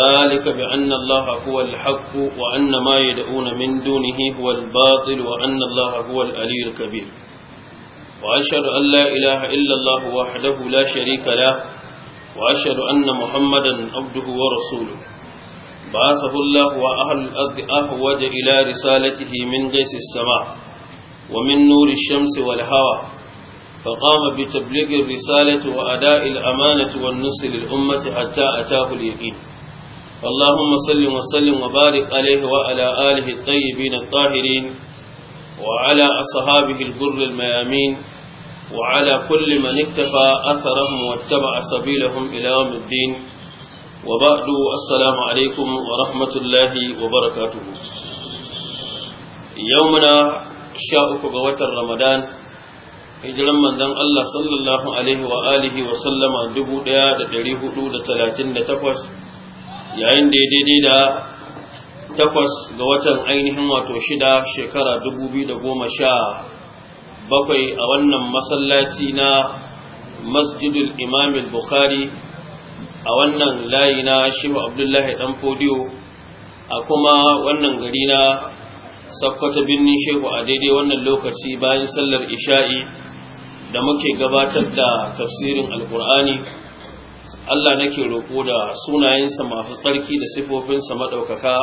ذلك بأن الله هو الحق وأن ما يدعون من دونه هو الباطل وأن الله هو الألي الكبير وأشهد أن لا إله إلا الله وحده لا شريك له وأشهد أن محمدا عبده ورسوله بعثه الله وأهل الأرض أهود إلى رسالته من غيث السماء ومن نور الشمس والهوى فقام بتبليغ الرسالة وأداء الأمانة والنصر للأمة حتى أتاه اليقين اللهم صل وسلم وبارك عليه وعلى آله الطيبين الطاهرين وعلى أصحابه الجر الميامين وعلى كل من اكتفى أثرهم واتبع سبيلهم إلى يوم الدين وبعد السلام عليكم ورحمة الله وبركاته يومنا شاءك قوة رمضان hijiran manzon Allah sallallahu alaihi wa alihi wa sallama 1438 yayin da ya daidai da takwas ga watan ainihin wato shida shekara dubu biyu da goma sha bakwai a wannan masallaci na masjidul imam bukhari a wannan layi na shiba abdullahi dan fodiyo a kuma wannan gari na sakkwata birnin shehu a daidai wannan lokaci bayan sallar isha'i da muke gabatar da tafsirin alkur'ani Allah nake roƙo da sunayensa masu tsarki da sifofinsa maɗaukaka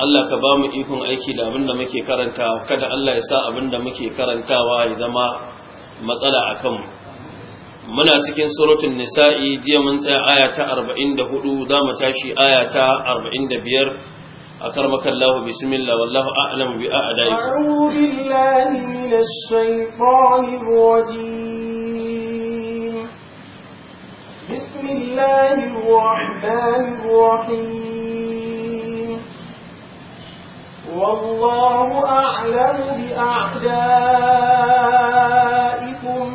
Allah ka ba mu ikon aiki da abin da muke karanta kada Allah ya sa abin da muke karantawa ya zama matsala a kanmu muna cikin surutun nisa'i jiya mun tsaya aya ta 44 za mu tashi aya ta 45 أكرمك الله بسم الله والله أعلم بأعدائكم أعوذ بالله من الشيطان الله الرحمن الرحيم والله أعلم بأعدائكم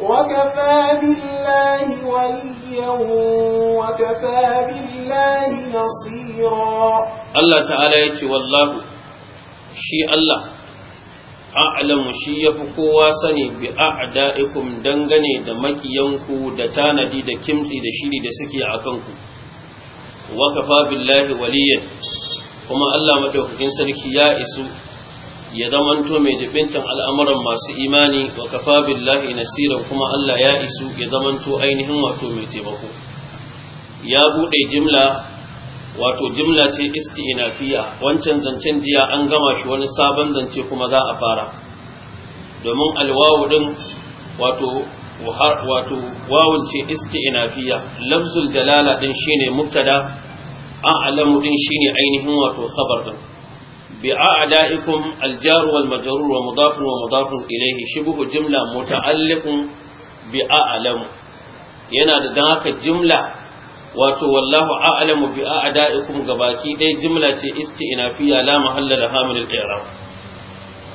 وكفى بالله وليا وكفى بالله نصيرا الله تعالى يتي والله شي الله a'lamu shi yafi kowa sani bi a'da'ikum dangane da makiyanku da tanadi da kimtsi da shiri da suke a kanku. wa kafa billahi waliyan kuma Allah madaukakin sarki ya isu ya zamanto mai jibintan al'amuran masu imani wa kafa billahi nasira kuma Allah ya isu ya zamanto ainihin wato mai taimako ya bude jimla wato jimla ce isti'nafiya wancan zancen jiya an gama shi wani sabon zance kuma za a fara domin alwawu din wato wato wawun ce isti'nafiya lafzul jalala din shine mubtada a'lamu din shine ainihin wato khabar din bi a'daikum aljar wal majrur wa mudaf wa mudaf ilayhi shibhu jumla muta'alliqun bi a'lamu yana da dan haka jumla wato wallahu a'lamu bi a'da'ikum gabaki dai jimla ce isti'nafiya la mahalla laha min al-i'rab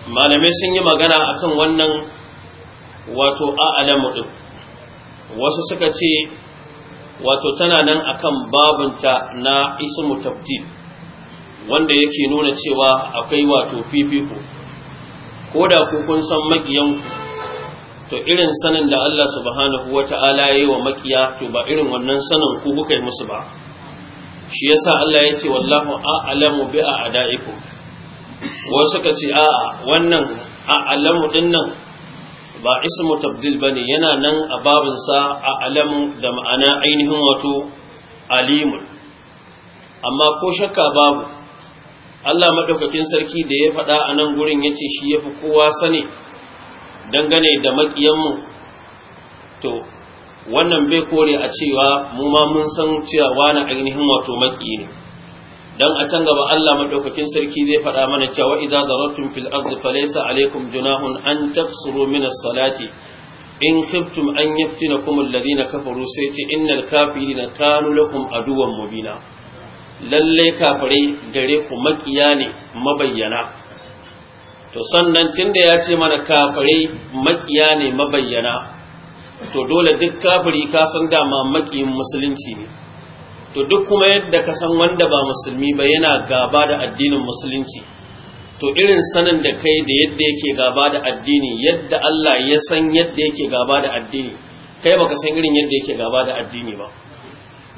malamai sun yi magana akan wannan wato a'lamu din wasu suka ce wato tana nan akan babunta na ismu tabdil wanda yake nuna cewa akwai wato fifiko ko da ku kun san magiyanku to irin sanin da Allah subhanahu wata'ala yi wa makiya to ba irin wannan sanin ku kuka yi musu ba shi yasa Allah ya ce wallahu a'lamu bi a'daiku wasu ka ce a'a wannan a'lamu din nan ba ismu tabdil bane yana nan a babin sa a'lamu da ma'ana ainihin wato alimun amma ko shakka babu Allah madaukakin sarki da ya faɗa a nan gurin yace shi yafi kowa sani dangane da makiyanmu to wannan bai kore a cewa mu ma mun san cewa wani ainihin wato maki ne dan a can gaba Allah madaukakin sarki zai faɗa mana cewa idza daratum fil ardi falaysa alaykum junahun an taqsuru min as-salati in khiftum an yaftinakum alladhina kafaru sai ce innal kafirina kanu lakum aduwwan mubina lalle kafare gare ku makiya ne mabayyana to sannan tunda ya ce mana kafirai makiya ne mabayyana to dole duk kafiri ka san dama makiyin musulunci ne to duk kuma yadda ka san wanda ba musulmi ba yana gaba da addinin musulunci to irin sanin da kai da yadda yake gaba da addini yadda Allah ya san yadda yake gaba da addini kai baka san irin yadda yake gaba da addini ba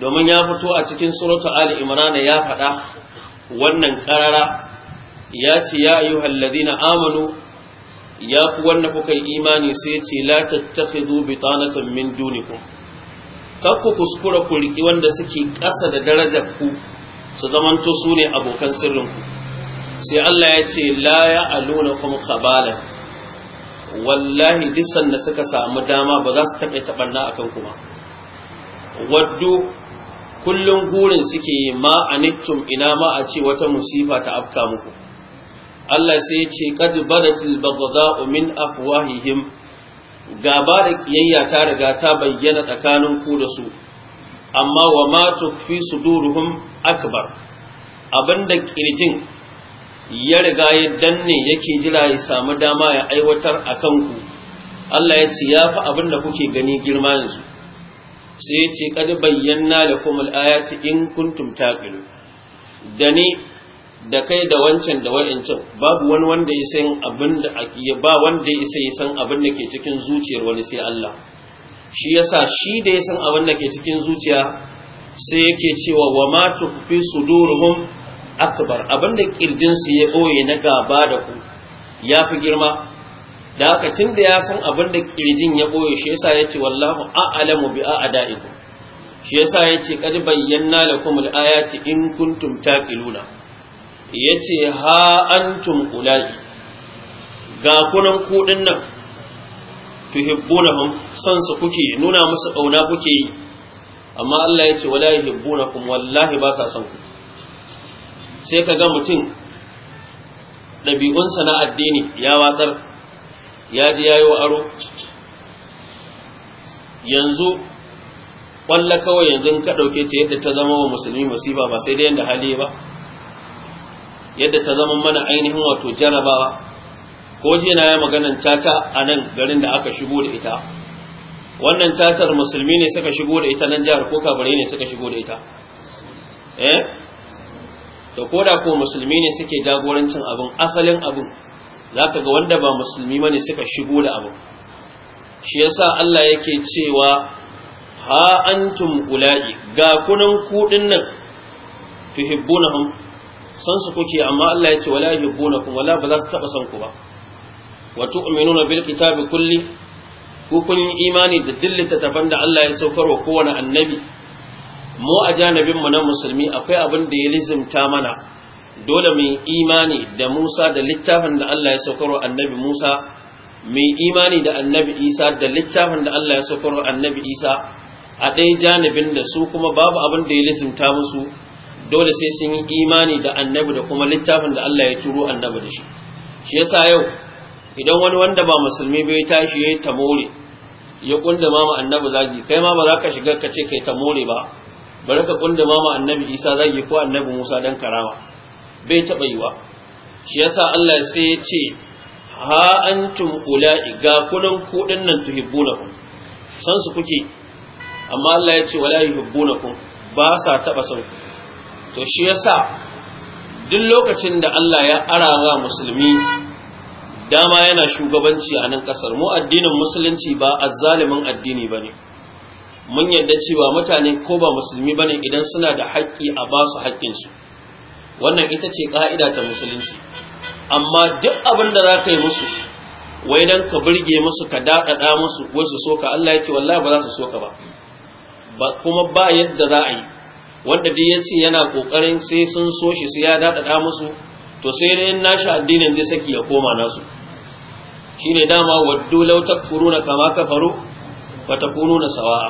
domin ya fito a cikin surutu ali imran ya faɗa wannan karara ya ce ya ayyuhal na amanu ya ku wanda kuka yi imani sai ya ce la zubi bitanatan min dunikum kar kuskura ku riƙi wanda suke ƙasa da darajar ku su zamanto su ne abokan sirrinku. sai Allah ya ce la ya aluna kuma khabala wallahi disan da suka samu dama ba za su taɓa taɓanna a kanku ba waddu kullum gurin suke ma Nittum ina ma a ce wata musifa ta afka muku Allah sai ya ce kad baratil baghdha'u min afwahihim gaba da kiyayya ta riga ta bayyana tsakanin ku da su amma wa ma tukfi suduruhum akbar abinda kirjin ya riga ya danne yake jira ya samu dama ya aiwatar a ku Allah ya ce ya fi abinda kuke gani girma yanzu sai ya ce kad bayyana lakum al-ayati in kuntum taqilun da ni da kai da wancan da wa'ancan babu wani wanda ya san abin da akiya ba wanda ya sai san abin da ke cikin zuciyar wani sai Allah shi yasa shi da ya san abin da ke cikin zuciya sai yake cewa wa ma tukfi suduruhum akbar abin da kirjin su ya boye na gaba da ku yafi girma da haka tun da ya san abin da kirjin ya boye shi yasa yace wallahu a'lamu bi a'daikum shi yasa yace qad bayyana lakum al-ayati in kuntum taqiluna ya ce ha antum ula'i ga kunan kuɗin nan tuhibbunahum san su kuke nuna musu ƙauna kuke yi amma Allah ya ce wala yuhibbunakum wallahi ba sa son ku sai ka ga mutum ɗabi'unsa na addini ya watsar ya ji yayo aro yanzu kwalla kawai yanzu ka ɗauke ta yadda ta zama wa musulmi musiba ba sai dai yadda hali ba yadda ta zama mana ainihin wato jarabawa ko jiya na ya maganan caca a nan garin da aka shigo da ita wannan cacar musulmi ne suka shigo da ita nan jihar ko kabare ne suka shigo da ita eh to ko da ko musulmi ne suke jagorancin abin asalin abin zaka ga wanda ba musulmi bane suka shigo da abin shi yasa Allah yake cewa ha antum ula'i ga kunan kudin nan tuhibbunahum san su kuke amma Allah ya ce wala kum wala ba za su taba san ku ba wa tu'minuna bil kitabi kulli ku kun imani da dillita ta da Allah ya saukar wa kowane annabi mu a janabin mu na musulmi akwai abin da ya lizimta mana dole mu imani da Musa da littafin da Allah ya saukarwa annabi Musa mu imani da annabi Isa da littafin da Allah ya saukarwa annabi Isa a ɗaya janibin da su kuma babu abin da ya lizimta musu dole sai sun yi imani da annabi da kuma littafin da Allah ya turo annabi da shi shi yasa yau idan wani wanda ba musulmi bai tashi yayi tamore ya kunda mama annabi zagi kai ma ba za ka shiga ka ce kai tamore ba bari ka kunda mama annabi Isa zagi ko annabi Musa dan karama bai taba yiwa shi yasa Allah sai ya ce ha antum ula'i ga kullun kudin nan tuhibbunakum san su kuke amma Allah ya ce wala yuhibbunakum ba sa taba sauki to shi yasa duk lokacin da Allah ya arawa musulmi dama yana shugabanci a nan kasar mu addinin musulunci ba azzalimin addini bane mun yadda cewa mutane ko ba musulmi bane idan suna da haƙƙi a ba su haƙƙin su wannan ita ce ƙa'ida ta musulunci amma duk abin da za ka yi musu wai dan ka burge musu ka daɗaɗa musu wai su soka Allah ya ce wallahi ba za su soka ba kuma ba yadda za a yi wanda duk yace yana kokarin sai sun so shi sai ya dadada musu to sai dai in nashi addinin zai saki ya koma nasu shine dama waddu law takfuruna kama kafaru wa takununa sawa'a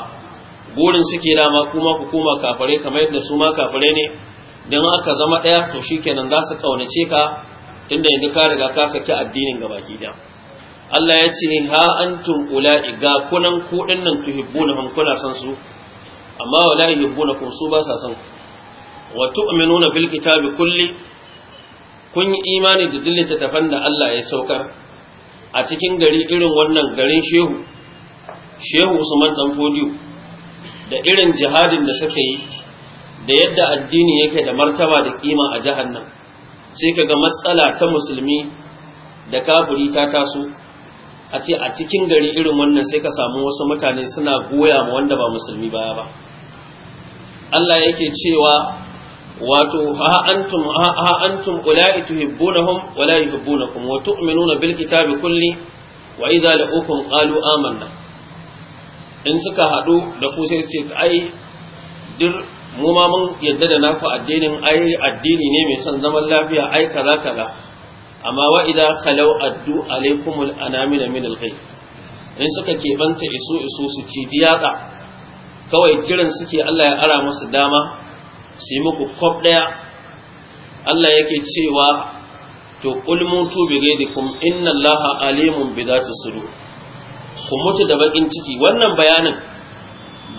burin suke dama kuma ku koma kafare kamar yadda su ma kafare ne dan aka zama daya to shikenan za su kaunace ka tunda yanzu ka riga ka saki addinin gabaki daya Allah ya ce ha antum ula'i ga kunan ku dinnan tuhibbuna kuna san su amma wala yuhibbunakum su ba sa son wa tu'minuna bil kitabi kulli kun yi imani da dillin tafan da Allah ya saukar a cikin gari irin wannan garin shehu shehu Usman dan Fodiyo da irin jihadin da suka yi da yadda addini yake da martaba da kima a jahannan sai kaga matsala ta musulmi da kafiri ta taso a ce a cikin gari irin wannan sai ka samu wasu mutane suna goya ma wanda ba musulmi baya ba Allah yake cewa wato ha antum ha ulai tuhibbunahum wa la yuhibbunakum wa tu'minuna bil kitabi kulli wa idza la'ukum qalu amanna in suka hadu da ku sai ce ai dir mu ma mun yadda da naku addinin ai addini ne mai son zaman lafiya ai kaza kaza amma wa idza khalaw addu alaikumul anamina min al in suka keɓanta isu isu su ci diyatsa kawai kiran suke Allah ya ara musu dama su yi muku kwab ɗaya Allah yake cewa to kul mutu bi ghaidikum inna Allaha alimun bi dhati ku mutu da bakin ciki wannan bayanin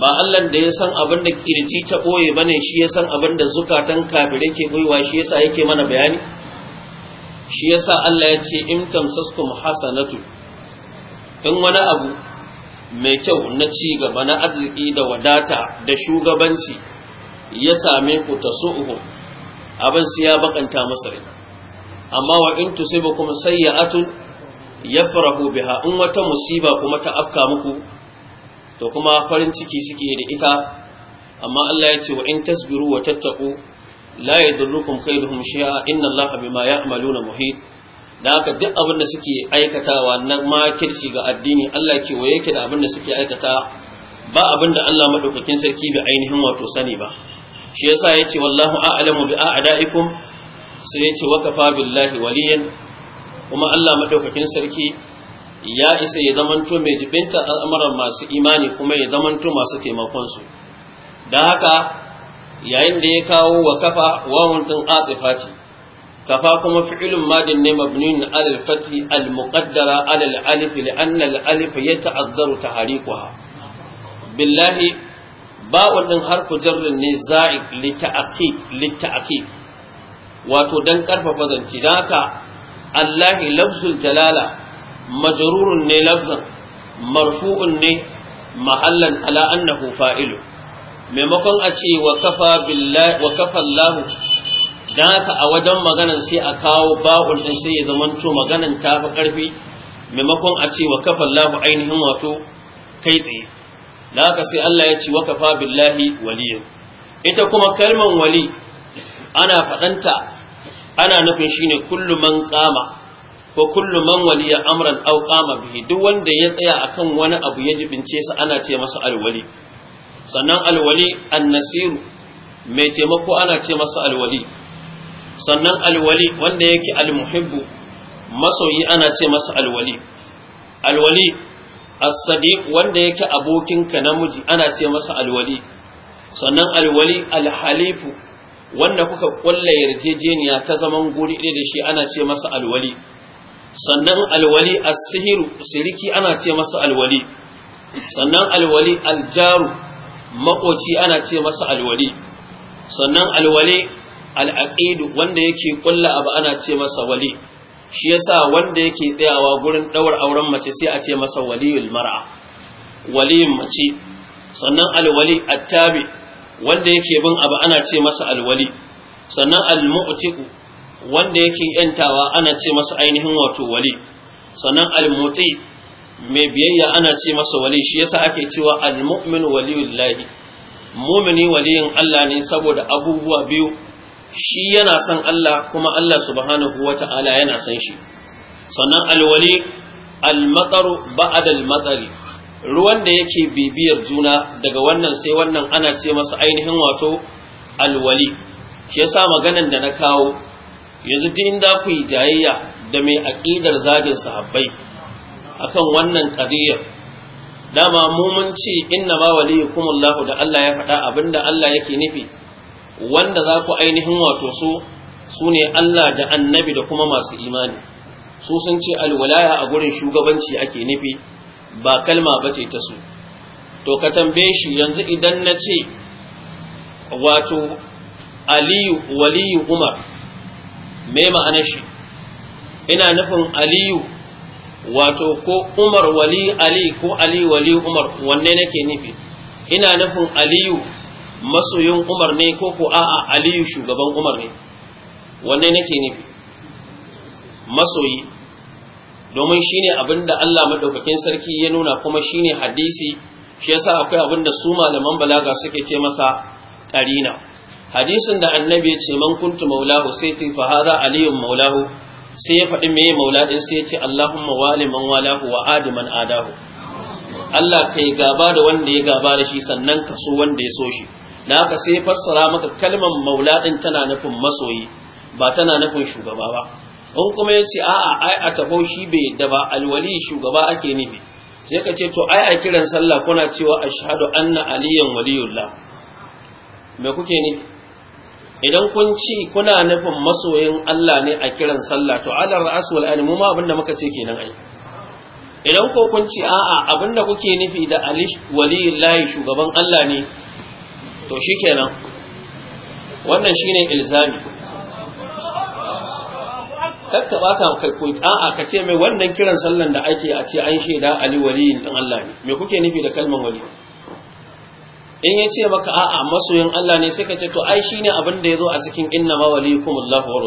ba Allah da ya san abin da kirji ta boye bane shi ya san abin da zukatan kafirai ke boyewa shi yasa yake mana bayani shi yasa Allah ya ce in tamsaskum hasanatu in wani abu mai kyau na ci gaba na arziki da wadata da shugabanci ya same ku ta so uku abin su ya bakanta masa rai amma wa in tusibu kuma sayyi'atun yafrahu biha in wata musiba kuma ta afka muku to kuma farin ciki suke da ita amma Allah ya ce wa in tasbiru wa tattaqu la yadurrukum khairuhum shay'a inna Allaha bima ya'maluna muhit da haka duk abin da suke aikatawa na makirci ga addini Allah ke waye yake da abin da suke aikata ba abin da Allah madaukakin sarki bai ainihin wato sani ba shi yasa yace wallahu a'lamu bi a'daikum sai yace wa kafa billahi waliyan kuma Allah madaukakin sarki ya isa ya zamanto mai jibinta al'amuran masu imani kuma ya zamanto masu taimakon su da haka yayin da ya kawo wa kafa wawun din aqifati كفا كما فعل ماد مبني على الفتح المقدرة على الألف لأن الألف يتعذر تحريكها بالله باء ɗin harku jarrin za'i lita'aqib wato dan karfafa zanci dan haka Allah lafzul jalala majrurun ne lafzan marfu'un ne mahallan ala annahu fa'ilu maimakon a ce wa kafa billahi wa kafa Allahu dan haka a wajen maganan sai a kawo ba'ul din sai ya zamanto maganan ta fi karfi maimakon a ce wa kafa Allahu ainihin wato kai tsaye dan haka sai Allah ya ce wa kafa billahi waliyan ita kuma kalman wali ana fadanta ana nufin shine kullu man qama ko kullu man waliya amran aw qama bihi duk wanda ya tsaya akan wani abu ya jibince sa ana ce masa alwali sannan alwali annasiru mai taimako ana ce masa alwali sannan alwali wanda yake almuhibbu masoyi ana ce masa alwali alwali as-sadiq wanda yake abokinka namiji ana ce masa alwali sannan alwali alhalifu wanda kuka kulla yarjejeniya ta zaman guri ɗaya da shi ana ce masa alwali sannan alwali as-sihiru siriki ana ce masa alwali sannan alwali aljaru maƙoci ana ce masa alwali sannan alwali al’aƙidu wanda yake ƙulla abu ana ce masa wali shi yasa wanda yake tsayawa gurin daura auren mace sai a ce masa waliyul mar'a waliyin mace sannan alwali attabi wanda yake bin abu ana ce masa alwali sannan almu'tiqu wanda yake yantawa ana ce masa ainihin wato wali sannan almuti mai biyayya ana ce masa wali shi yasa ake cewa almu'min waliyullahi mu'mini waliyin Allah ne saboda abubuwa biyu shi yana son Allah kuma Allah subhanahu wa ta'ala yana son shi sannan alwali almataru ba'ad almatari ruwan da yake bibiyar juna daga wannan sai wannan ana ce masa ainihin wato alwali shi yasa maganan da na kawo yanzu duk inda ku yi jayayya da mai aqidar zagin sahabbai akan wannan qadiyar dama mu mun ce inna ma waliyukumullahu da Allah ya faɗa abinda Allah yake nufi wanda za ku ainihin wato su su ne Allah da annabi da kuma masu imani su sun ce alwalaya a gurin shugabanci ake nufi ba kalma ba ce ta su to ka tambaye shi yanzu idan na ce wato aliyu waliyu umar me ma'anar shi ina nufin aliyu wato ko umar wali ali ko ali wali umar wanne nake nufi ina nufin aliyu masoyin umar ne ko ko a'a aliyu shugaban umar ne wanne nake ne masoyi domin shine abin da Allah madaukakin sarki ya nuna kuma shine hadisi shi yasa akwai abinda su malaman balaga suke ce masa qarina hadisin da annabi ya ce man kuntu maulahu sai ti fa hadha aliyun maulahu sai ya faɗi meye maula din sai ya ce allahumma wali man walahu wa adi adahu Allah kai gaba da wanda ya gaba da shi sannan ka wanda ya so shi da haka sai fassara maka kalmar maula din tana nufin masoyi ba tana nufin shugaba ba in kuma ya ce a'a ai a taho shi bai da ba alwali shugaba ake nufi sai ka ce to ai a kiran sallah kuna cewa ashhadu anna aliyan waliyullah me kuke nufi idan kun ci kuna nufin masoyin Allah ne a kiran sallah to alar ra'as wal mu ma abinda muka ce kenan ai idan ko kun ci a'a abinda kuke nufi da alish waliyullahi shugaban Allah ne to shi kenan wannan shi ne ilzami kakkaba ka kai ko a'a ka ce mai wannan kiran sallan da ake a ce an shaida ali waliyin din Allah ne me kuke nufi da kalmar wali in ya ce maka a'a masoyin Allah ne sai ka ce to ai shine abin da zo a cikin inna ma waliyukum Allah wa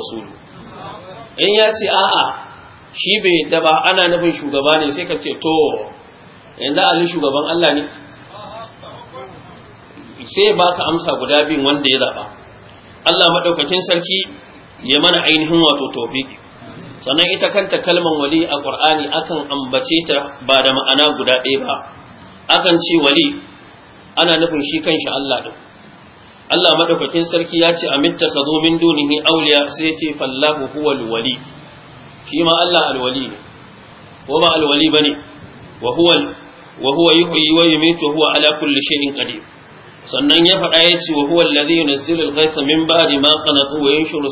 in ya ce a'a shi bai yadda ba ana nufin shugaba ne sai ka ce to yanzu ali shugaban Allah ne sai ya baka amsa guda biyun wanda ya zaba Allah maɗaukakin sarki ya mana ainihin wato tofiki sannan ita kanta kalmar wali a ƙur'ani akan ambace ta ba da ma'ana guda ɗaya ba akan ce wali ana nufin shi kanshi Allah din Allah maɗaukakin sarki ya ce amitta ka zo min dunihi auliya sai ce fallahu huwa alwali shi ma Allah alwali ne ko ba alwali bane wa huwa wa huwa yuhyi wa yumitu huwa ala kulli shay'in qadir sannan ya faɗa ya ce wa huwa alladhi yunzilu al-ghaytha min ba'di ma qanatu wa yanshuru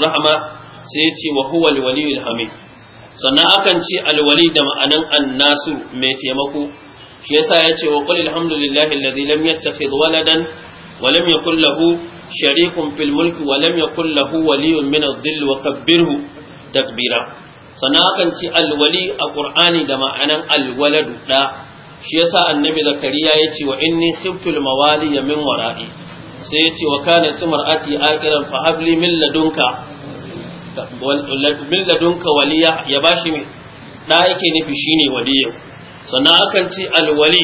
wa rahma sai ya ce wa huwa al-waliyul hamid sannan akan ce al-wali da ma'anan annasu mai taimako shi yasa ya ce wa qul alhamdulillahi alladhi lam yattakhidh waladan wa lam yakul lahu sharikun fil mulki wa lam yakul lahu waliyyun min adh-dhill wa kabbirhu takbira sannan akan ce al-wali a qur'ani da ma'anan al-waladu da shi yasa annabi zakariya ya ce wa inni khiftul mawali ya min wara'i sai ya ce wa kana timar'ati aqiran fa habli min ladunka min ladunka waliya ya bashi mai da yake nufi shine waliyin sannan akan ce alwali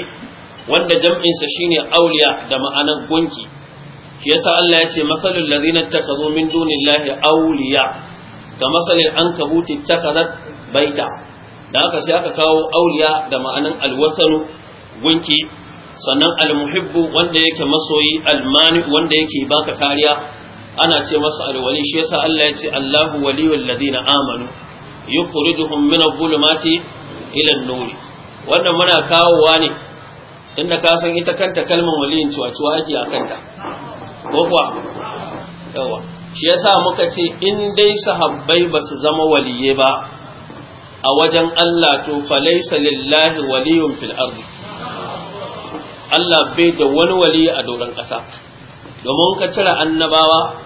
wanda jam'in sa shine auliya da ma'anan gunki shi yasa Allah ya ce masalul ladina takazu min dunillahi awliya ka an ankabuti takadat baita da haka sai aka kawo auliya da ma'anan alwasanu gunki sannan almuhibbu wanda yake masoyi almani wanda yake baka kariya ana ce masa alwali shi yasa Allah ya ce Allahu waliyul ladina amanu yukhrijuhum min adh-dhulumati ila an-nur wannan muna kawowa ne inda ka san ita kanta kalmar waliyin cuwa-cuwa yake a kanta ko kuwa yawa shi yasa muka ce in dai sahabbai ba su zama waliye ba a wajen Allah to falaisa lillahi waliyun fil ardi Allah bai da wani wali a doron ƙasa domin ka cire annabawa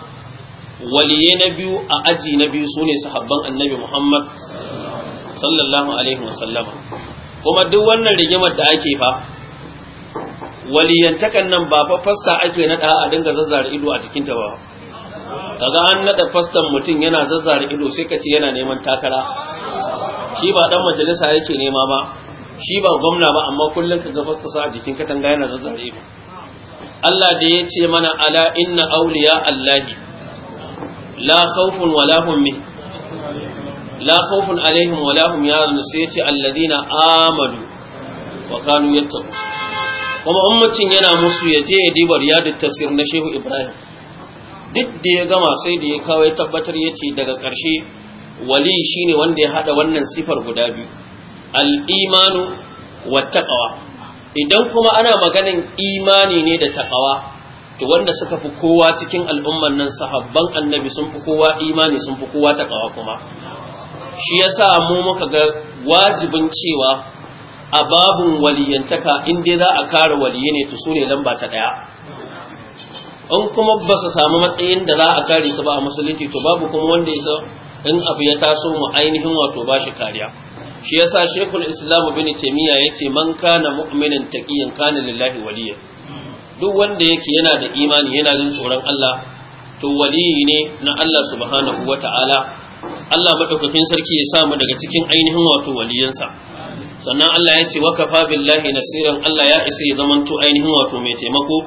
waliye na biyu a aji na biyu sune sahabban annabi Muhammad sallallahu alaihi wasallama kuma duk wannan rigimar da ake fa waliyantakan nan ba fa fasta ake naɗa a dinga zazzara ido a ta ba kaga an naɗa fastan mutum yana zazzara ido sai ka ce yana neman takara shi ba dan majalisa yake nema ba shi ba gwamna ba amma kullum ka gabas ta sa a jikin katanga yana zazzare ba Allah da ya ce mana ala inna awliya Allahi la khawfun wala hum min la khawfun alaihim wala hum yazun sai ya ce alladina amanu wa kanu yattaqu kuma ummatin yana musu ya je ya diba riyadut tafsir na Shehu Ibrahim duk da ya gama sai da ya kawo ya tabbatar ya ce daga ƙarshe wali shine wanda ya hada wannan sifar guda biyu al wa taqwa idan kuma ana maganin imani ne da taqwa to wanda suka fi kowa cikin al'umman nan sahabban annabi sun fi kowa imani sun fi kowa taqwa kuma shi yasa mu muka ga wajibin cewa a babun waliyantaka in dai za a kare waliye ne to sune lamba ta daya in kuma ba su samu matsayin da za a kare su ba a musulunci to babu kuma wanda ya in abu ya taso mu ainihin wato ba shi kariya shi yasa shekul islam bin taymiya yace man kana mu'minin taqiyyan kana lillahi waliya duk wanda yake yana da imani yana jin tsoron Allah to waliyi ne na Allah subhanahu wata'ala Allah madaukakin sarki ya samu daga cikin ainihin wato waliyansa sannan Allah ya ce wa kafa billahi nasiran Allah ya isa ya zamanto ainihin wato mai taimako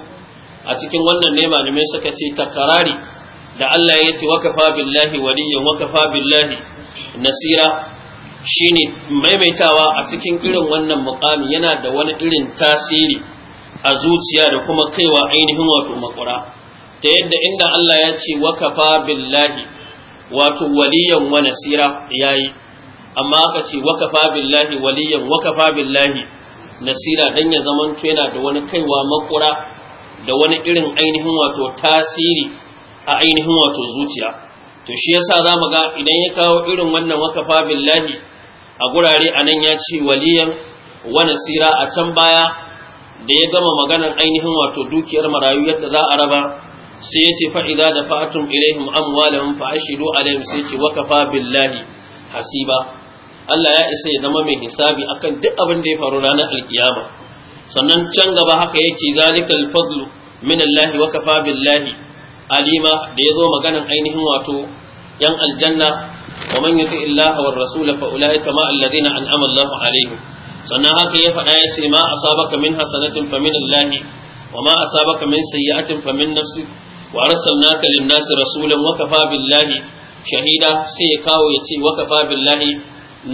a cikin wannan ne malamai suka ce takarari da Allah ya ce wakafa billahi waliyan wakafa billahi nasira shine maimaitawa a cikin irin wannan mukamin yana da wani irin tasiri a zuciya da kuma kaiwa ainihin wato makura ta yadda inda Allah ya ce wakafa billahi wato waliyan wa nasira yayi amma aka ce wakafa billahi waliyan wakafa billahi nasira dan ya zamanto yana da wani kaiwa makura da wani irin ainihin wato tasiri a ainihin wato zuciya to shi yasa za mu ga idan ya kawo irin wannan wakafa billahi a gurare a nan ya ce waliyan wani sira a can baya da ya gama maganar ainihin wato dukiyar marayu yadda za a raba sai ya ce fa'ida da fa'atun ilaihim amwalahum fa ashidu alaihim sai ce wakafa billahi hasiba Allah ya isa ya zama mai hisabi akan duk abin da ya faru ranar alkiyama sannan can gaba haka yake zalikal fadlu min Allah wa billahi alima da ya zo maganan ainihin wato yan aljanna wa man yuti illaha war rasul fa ulaika ma alladhina an'ama Allahu alaihim sannan haka ya faɗa ya ce ma asabaka min hasanatin fa min Allah wa ma asabaka min sayyi'atin fa min nafsi wa arsalnaka lin-nasi rasulan wa kafa billahi shahida sai ya kawo ya ce wa kafa billahi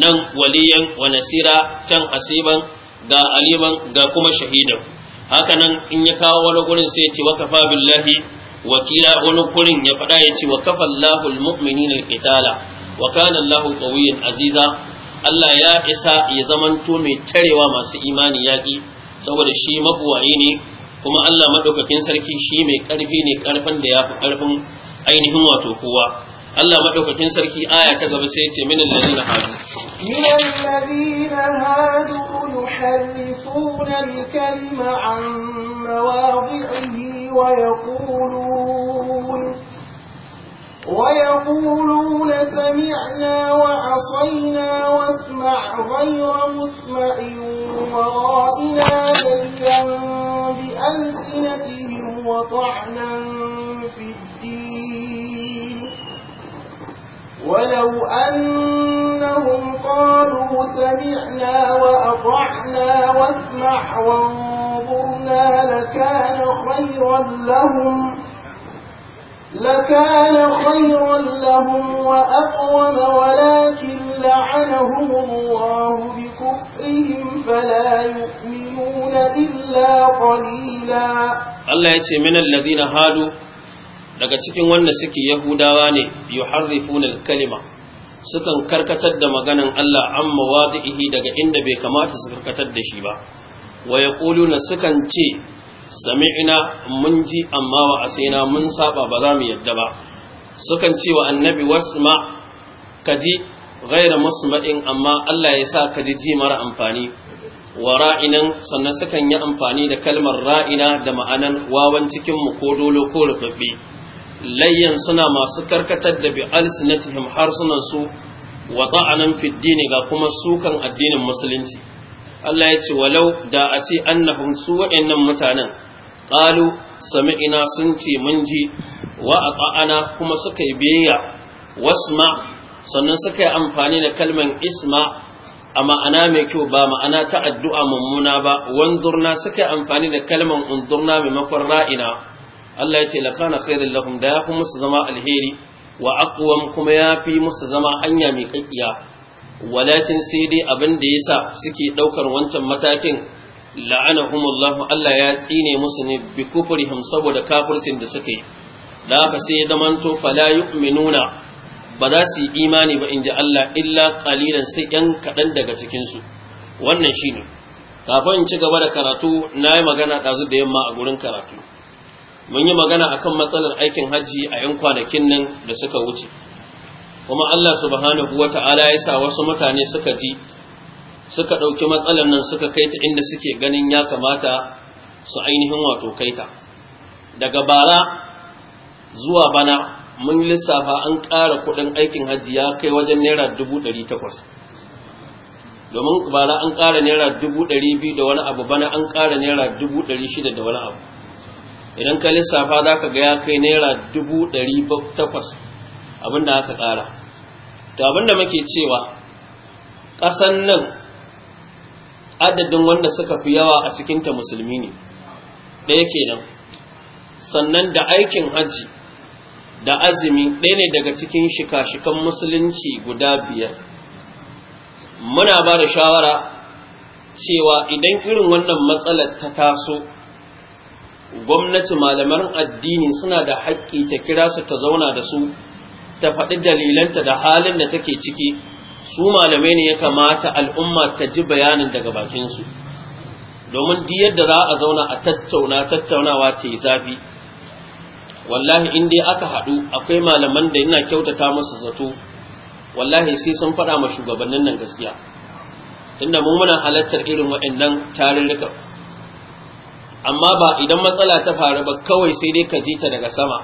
nan waliyan wa nasira can hasiban ga aliman ga kuma shahidan haka nan in ya kawo wani gurin sai ya ce wa kafa billahi wakila wani kurin ya faɗa ya ce wa kafa Allahul mu'minin al-qitala wa aziza Allah ya isa ya zamanto mai tarewa masu imani yaƙi saboda shi mabuwaye ne kuma Allah madaukakin sarki shi mai ƙarfi ne ƙarfin da ya fi ƙarfin ainihin wato kowa Allah madaukakin sarki aya ta gaba sai ya ce minal ladina hadu minal ladina hadu yuharrifuna al-kalima an mawadhihi wa yaqulun ويقولون سمعنا وعصينا واسمع غير مسمع ورائنا ليلا بألسنتهم وطعنا في الدين ولو أنهم قالوا سمعنا وأطعنا واسمع وانظرنا لكان خيرا لهم لكان خيرا لهم وأقوم ولكن لعنهم الله بكفرهم فلا يؤمنون إلا قليلا الله يتي من الذين هادوا daga cikin wanda suke yahudawa ne yuharrifuna al-kalima sukan karkatar da maganan Allah an mawadihi daga inda bai kamata su karkatar da shi ba wa yaquluna sukan ce sami'na mun ji amma wa asina mun saba ba za mu yadda ba sukan ce wa annabi wasma kaji ghaira musma'in amma Allah ya sa kaji ji mara amfani wa ra'inan sannan sukan yi amfani da kalmar ra'ina da ma'anan wawan cikin mu ko dolo ko rufaffe layyan suna masu karkatar da bi alsinatihim harsunan su wa ta'anan fi dini ga kuma sukan addinin musulunci Allah ya ce walau da a ce annahum su wa'annan mutanen qalu sami'ina sun ce mun ji wa ata'ana kuma suka yi biyayya wasma sannan suka yi amfani da kalman isma a ma'ana mai kyau ba ma'ana ta addu'a mummuna ba wanzurna suka yi amfani da kalman undurna maimakon ra'ina Allah ya ce lakana khairul lahum da ya fi musu zama alheri wa aqwam kuma ya fi musu zama hanya mai kakkiya walakin sai dai abin da yasa suke daukar wancan matakin la'anahumullahu Allah ya tsine musu ne bi kufrihim saboda kafircin da suke da haka sai ya zamanto fala yu'minuna ba za su yi imani ba in ji Allah illa qalilan sai yan kadan daga cikin su wannan shine kafin ci gaba da karatu na yi magana ɗazu da yamma a gurin karatu mun yi magana akan matsalar aikin hajji a 'yan kwanakin nan da suka wuce kuma Allah subhanahu wa ta'ala ya sa wasu mutane suka ji suka ɗauki matsalar nan suka kai ta inda suke ganin ya kamata su ainihin wato kai ta daga bara zuwa bana mun lissafa an ƙara kuɗin aikin hajji ya kai wajen naira dubu ɗari takwas domin bara an ƙara naira dubu ɗari biyu da wani abu bana an ƙara naira dubu ɗari shida da wani abu idan ka lissafa za ka ga ya kai naira dubu ɗari takwas abinda aka ƙara to abinda muke cewa ƙasan nan adadin wanda suka fi yawa a cikinta musulmi ne ɗaya kenan sannan da aikin hajji da azumi ɗaya ne daga cikin shika-shikan musulunci guda biyar muna ba da shawara cewa idan irin wannan matsalar ta taso gwamnati malaman addini suna da haƙƙi ta kira su ta zauna da su ta faɗi dalilanta da halin da take ciki su malamai ne ya kamata al'umma ta ji bayanin daga bakinsu domin di yadda za a zauna a tattauna tattaunawa ta yi zafi wallahi in dai aka haɗu akwai malaman da yana kyautata masu zato wallahi sai sun faɗa ma shugabannin nan gaskiya inda mu muna halartar irin waɗannan tarurrukan amma ba idan matsala ta faru ba kawai sai dai ka ji ta daga sama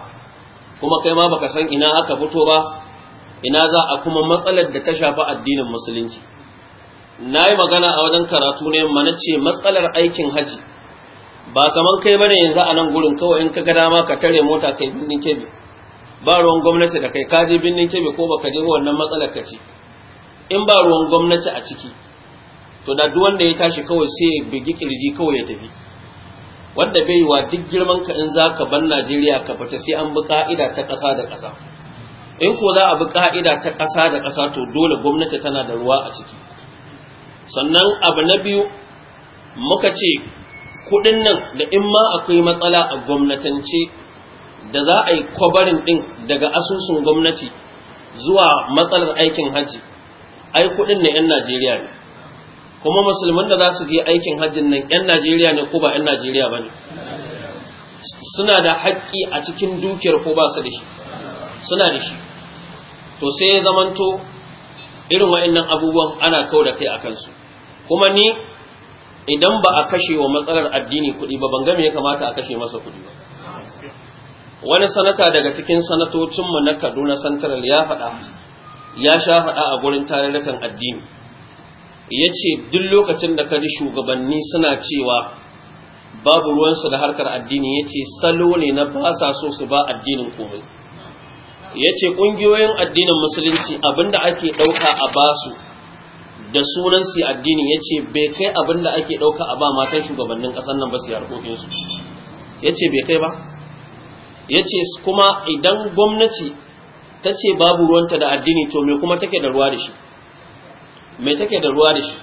kuma kai ma baka san ina aka fito ba ina za a kuma matsalar da ta shafi addinin musulunci na yi magana a wajen karatu ne mana ce matsalar aikin haji ba kamar kai bane yanzu a nan gurin kawai in ka ga dama ka tare mota kai birnin kebe ba ruwan gwamnati da kai ka je birnin kebe ko baka je wannan matsalar ka in ba ruwan gwamnati a ciki to da duk wanda ya tashi kawai sai ya bigi kirji kawai ya tafi wanda bai wa duk girman ka in zaka ban Najeriya ka fita sai an bi ka'ida ta ƙasa da ƙasa in ko za a bi ka'ida ta ƙasa da ƙasa to dole gwamnati tana da ruwa a ciki sannan abu na biyu muka ce kuɗin nan da in ma akwai matsala a gwamnatance da za a yi kwabarin ɗin daga asusun gwamnati zuwa matsalar aikin hajji ai kuɗin na 'yan Najeriya ne kuma musulmin da za su je aikin hajjin nan 'yan Najeriya ne ko ba 'yan Najeriya ba ne suna da haƙƙi a cikin dukiyar ko ba su da shi suna da shi to sai ya zamanto irin wa'annan abubuwan ana kau da kai a kansu kuma ni idan ba a kashe wa matsalar addini kuɗi ba ban game ya kamata a kashe masa kuɗi ba wani sanata daga cikin sanatocinmu na kaduna central ya faɗa ya sha faɗa a gurin tarurrukan addini ya ce duk lokacin da kani shugabanni suna cewa babu ruwansu da harkar addini ya ce salo ne na ba sa so su ba addinin komai ya ce ƙungiyoyin addinin musulunci abinda ake ɗauka a basu da sunan su addini ya ce bai kai abinda ake ɗauka a ba matan shugabannin ƙasar nan ba su harkokinsu ya ce bai kai ba ya ce kuma idan gwamnati ta ce babu ruwanta da addini to me kuma take da ruwa da shi me take da ruwa da shi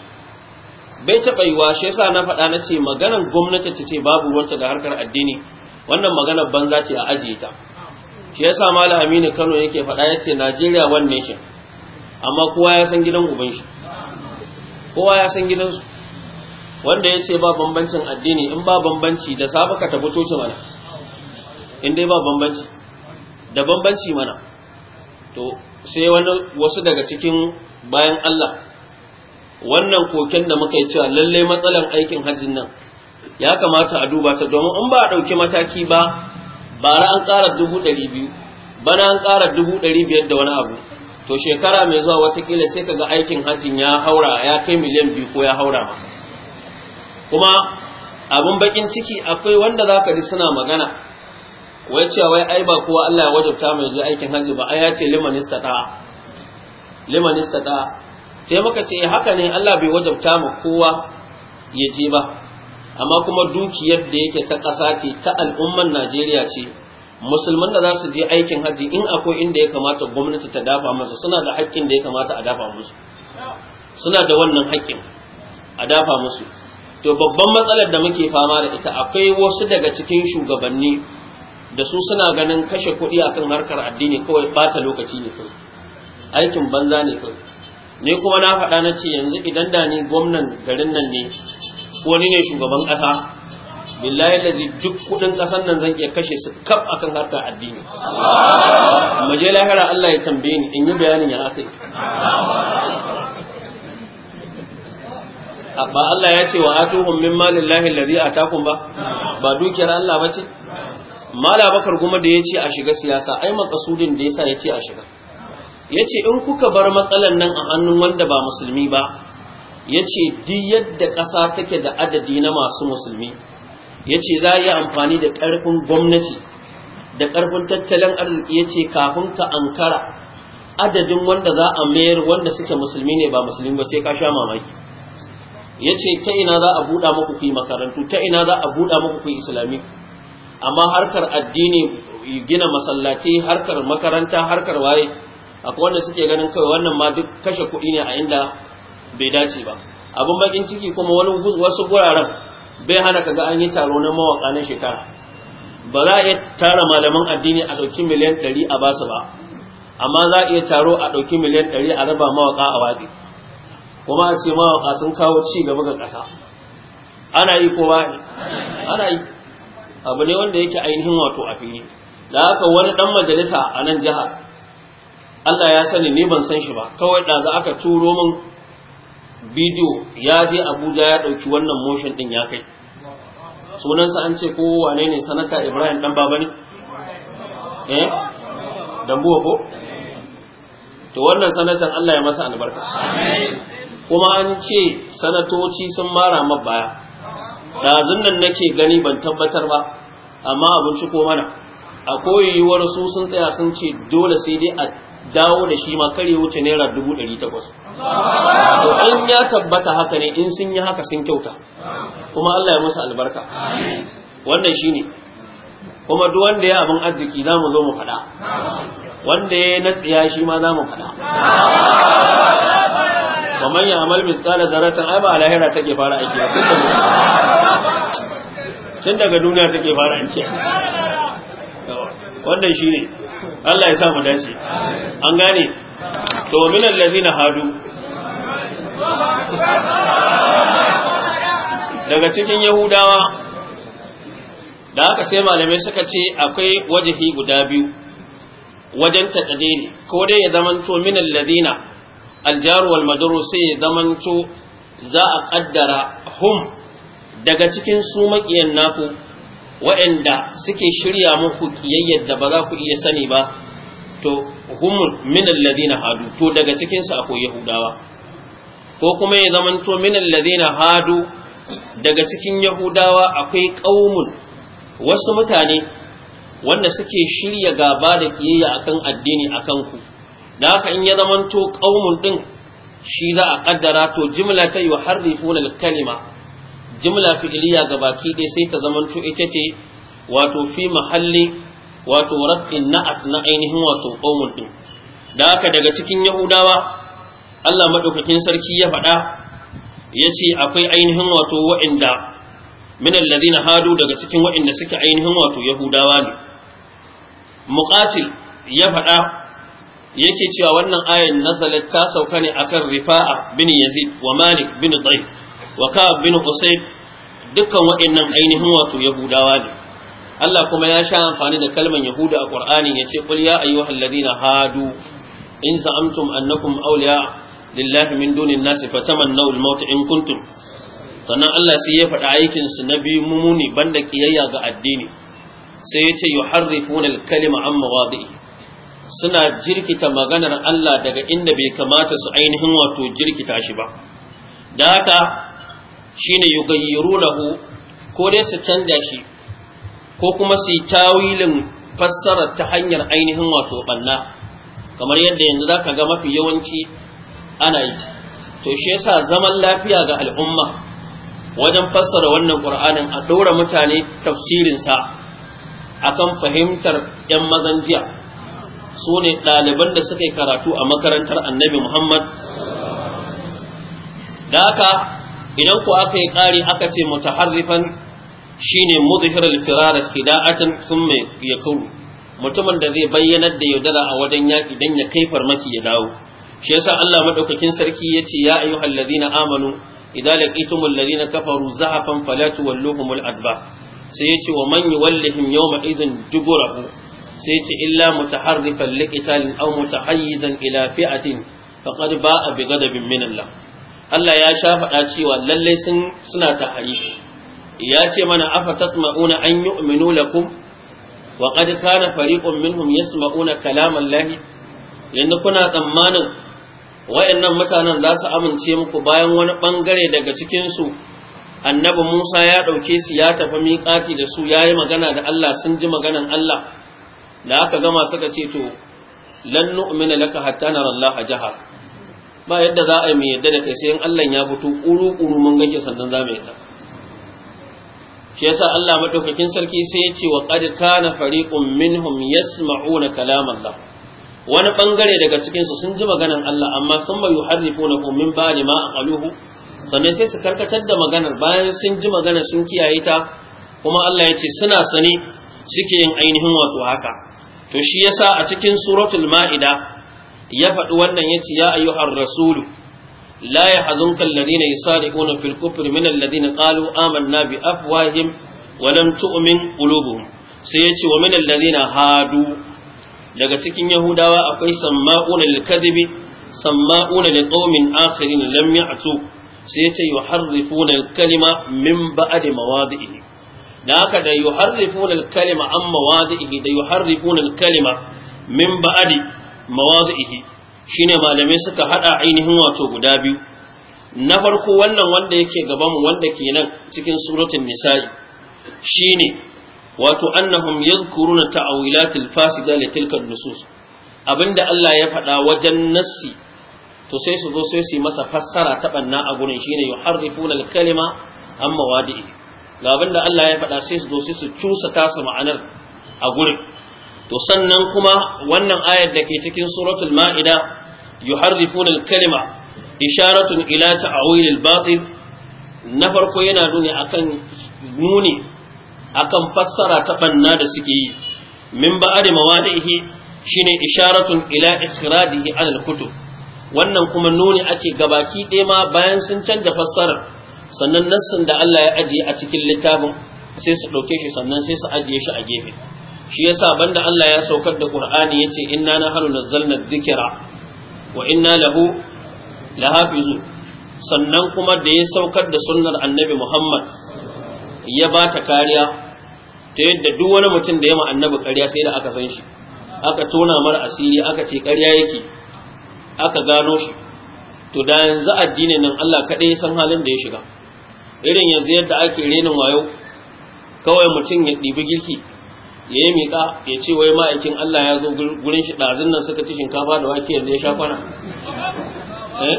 bai taɓa yiwa shi yasa na faɗa na ce maganar gwamnati ta ce babu ruwanta da harkar addini wannan maganar banza ce a ajiye ta shi yasa malam aminu kano yake faɗa ya ce najeriya one nation amma kowa ya san gidan uban shi kowa ya san gidansu wanda ya ce ba bambancin addini in ba bambanci da safe ka tafi coci mana in dai ba bambanci da bambanci mana to sai wani wasu daga cikin bayan Allah wannan koken da muka yi cewa lallai matsalar aikin hajjin nan ya kamata a duba ta domin in ba a ɗauki mataki ba ba bara an ƙara dubu ɗari biyu bana an ƙara dubu ɗari biyar da wani abu to shekara mai zuwa watakila sai kaga aikin hajjin ya haura ya kai miliyan biyu ko ya haura ma kuma abin bakin ciki akwai wanda za ka ji suna magana wai cewa wai ai ba kowa Allah ya wajabta mai zuwa aikin hajji ba ai ya ce liman istata liman istata sai muka ce eh, haka ne Allah bai wajabta mu kowa ya je ba amma kuma dukiyar da yake ta ƙasa ce ta al'umman Najeriya ce musulman da za su je aikin haji in akwai inda ya kamata gwamnati ta dafa musu, suna da haƙƙin da ya kamata a dafa musu suna da wannan haƙƙin a dafa musu to babban matsalar da muke fama da ita akwai wasu daga cikin shugabanni da su suna ganin kashe kuɗi akan harkar addini kawai ɓata lokaci ne kawai aikin banza ne kawai ni kuma na faɗa na ce yanzu idan da ni gwamnan garin nan ne ko ni ne shugaban ƙasa billahi lazi duk kuɗin ƙasar nan zan iya kashe su kaf akan harkar addini mu je lahira Allah ya tambaye ni in yi bayanin ya akai ba Allah ya ce wa atuhum min malillahi allazi atakum ba ba dukiyar Allah ba ce? mala bakar kuma da ya ce a shiga siyasa ai makasudin da yasa ce a shiga ya ce in kuka bar matsalan nan a hannun wanda ba musulmi ba ya ce duk yadda ƙasa take da adadi na masu musulmi ya ce za a yi amfani da ƙarfin gwamnati da ƙarfin tattalin arziki ya ce kafin ta ankara adadin wanda za a mayar wanda suke musulmi ne ba musulmi ba sai ka sha mamaki ya ce ta ina za a buɗa muku ku makarantu ta ina za a buɗa muku ku islami amma harkar addini gina masallaci harkar makaranta harkar waye akwai wanda suke ganin kawai wannan ma duk kashe kuɗi ne a inda bai dace ba abin bakin ciki kuma wani wasu guraren bai hana kaga an yi taro na mawaka na shekara ba za a iya tara malaman addini a ɗauki miliyan ɗari a basu ba amma za a iya taro a ɗauki miliyan ɗari a raba mawaka a waƙi kuma a ce mawaka sun kawo ci gaba ga ƙasa ana yi ko ba ana yi abu ne wanda yake ainihin wato a fili da haka wani ɗan majalisa a nan jihar Allah ya sani ni ban san shi ba kawai ɗaza aka turo min bidiyo ya je Abuja ya ɗauki wannan motion ɗin ya kai sunansa an ce ko wane ne sanata Ibrahim ɗan baba ne eh dambuwa ko to wannan sanatan Allah ya masa albarka kuma an ce sanatoci sun mara ma baya ɗazun nan nake gani ban tabbatar ba amma abinci ko mana a yiwuwar su sun tsaya sun ce dole sai dai a dawo da shi ma kare wuce naira dubu ɗari takwas to in ya tabbata haka ne in sun yi haka sun kyauta kuma Allah ya musu albarka wannan shine kuma duk wanda ya abin arziki za mu zo mu faɗa wanda ya na tsiya shi ma za mu faɗa kamar ya amal mitsala zaratan ai ba lahira take fara aiki tun daga duniya take fara aiki wannan shine Allah ya sa mu dace an gane to min allazina hadu daga cikin yahudawa da aka sai malamai suka ce akwai wajahi guda biyu wajen taɗaɗe ko dai ya zamanto min allazina aljaru wal sai ya zamanto za a ƙaddara hum daga cikin su maƙiyan naku wa'anda suke shirya muku kiyayyar da ba za ku iya sani ba to hum min alladhina hadu to daga cikin su akwai yahudawa ko kuma ya zamanto min alladhina hadu daga cikin yahudawa akwai qaumun wasu mutane wanda suke shirya gaba da kiyayya akan addini akan ku da haka in ya zamanto qaumun din shi za a kaddara to jimla ta yuharrifuna al-kalima jimla fi'iliya ga baki ɗaya sai ta zamanto ita ce wato fi mahalli wato raddin na'at na ainihin wato qawmul din da haka daga cikin yahudawa Allah madaukakin sarki ya faɗa yace akwai ainihin wato wa'inda min alladhina hadu daga cikin wa'inda suke ainihin wato yahudawa ne muqatil ya faɗa yake cewa wannan ayan nazalat ta sauka ne akan rifa'a bin yazid wa malik bin dayf wa ka bin usayd dukkan waɗannan ainihin wato yahudawa ne Allah kuma ya sha amfani da kalmar yahuda a Qur'ani ya ce qul ya ayyuhal ladina hadu in za'amtum annakum awliya lillahi min dunin nas fatamannaw al-maut in kuntum sannan Allah sai ya faɗa aikin su na biyu mumuni banda kiyayya ga addini sai ya ce yuharrifuna al-kalima an mawadi'i suna jirkita maganar Allah daga inda bai kamata su ainihin wato jirkita shi ba da haka shine yughayyirunahu ko dai su canja shi ko kuma su yi tawilin fassara ta hanyar ainihin wato ɓanna, kamar yadda yanzu ka ga mafi yawanci ana yi to shi yasa zaman lafiya ga al'umma wajen fassara wannan qur'anin a ɗora mutane tafsirin sa akan fahimtar yan mazan jiya su ne ɗaliban da suka yi karatu a makarantar annabi muhammad da haka idan ku aka yi ƙari aka ce mutaharrifan shine mudhir al-firar khida'atan ya yakun mutumin da zai bayyanar da yaudara a wajen yaki dan ya kai farmaki ya dawo shi yasa Allah madaukakin sarki ce ya ayyuhal ladina amanu idza laqitumul ladina kafaru zahafan fala walluhumul adba sai yace wa man yuwallihim yawma idhin duburahu sai yace illa mutaharrifan liqitalin aw mutahayyizan ila fi'atin faqad ba'a bi ghadabin min Allah Allah ya sha faɗa cewa lalle sun suna tahari ya ce mana afa tatma'una an yu'minu lakum wa qad kana fariqun minhum yasma'una kalam Allah yanzu kuna tsammanin wayannan mutanen za su amince muku bayan wani bangare daga cikin su annabi Musa ya ɗauke su ya tafi miƙati da su ya yi magana da Allah sun ji maganan Allah da aka gama suka ce to lan nu'mina laka hatta nara Allah jahar ba yadda za a mai yadda da kai sai in Allah ya fito ƙuru ƙuru mun gake sannan za mu yadda shi yasa Allah madaukakin sarki sai ya ce wa qad kana fariqun minhum yasma'una kalam Allah wani bangare daga cikin su sun ji maganar Allah amma sun ba na min ba'di ma aqaluhu sannan sai su karkatar da maganar bayan sun ji maganar sun kiyaye ta kuma Allah ya ce suna sani suke yin ainihin wato haka to shi yasa a cikin suratul ma'ida ya faɗi wannan ya ce ya ayyuhar rasulu la yahzunka alladhina yusariquna fil kufri min ƙalu aman na bi afwahihim wa lam tu'min qulubuhum sai ya ce wa min alladhina hadu daga cikin yahudawa akwai samma'una lil kadhibi samma'una li qaumin akharin lam ya'tu sai ya ce yuharrifuna al kalima min ba'di mawadi'ihi da haka da yuharrifuna al kalima an mawadi'ihi da yuharrifuna al kalima min ba'di mawazihi shine malamai suka hada ainihin wato guda biyu na farko wannan wanda yake gaban mu wanda ke nan cikin suratul nisa'i shine wato annahum yadhkuruna ta'awilatil fasida li tilka nusus abinda Allah ya faɗa wajen nassi to sai su zo sai su masa fassara ta banna a gurin shine yuharrifuna al-kalima amma wadi ga abinda Allah ya faɗa sai su zo sai su cusa tasu ma'anar a gurin to sannan kuma wannan ayar da ke cikin suratul ma'ida yuharrifuna al-kalima isharatun ila ta'awil al-batil na farko yana nuni akan nuni akan fassara ta banna da suke yi min ba'ad mawadihi shine isharatun ila ikhrajihi an al-kutub wannan kuma nuni ake gabaki ɗaya ma bayan sun canza fassarar sannan nassin da Allah ya ajiye a cikin littafin sai su ɗauke shi sannan sai su ajiye shi a gefe shi yasa banda Allah ya saukar da Qur'ani yace inna nahnu nazzalna dhikra wa inna lahu lahafizu sannan kuma da ya saukar da sunnar annabi Muhammad ya ba ta kariya ta yadda duk wani mutum da ya ma annabi kariya sai da aka san shi aka tona mara asiri aka ce kariya yake aka gano shi to da yanzu addinin nan Allah kaɗai ya san halin da ya shiga irin yanzu yadda ake renin wayo kawai mutum ya ɗibi girki ya yi miƙa ya ce wai ma'aikin Allah ya zo gurin shi ɗazin nan suka ci shinkafa da wake yanzu ya sha kwana eh?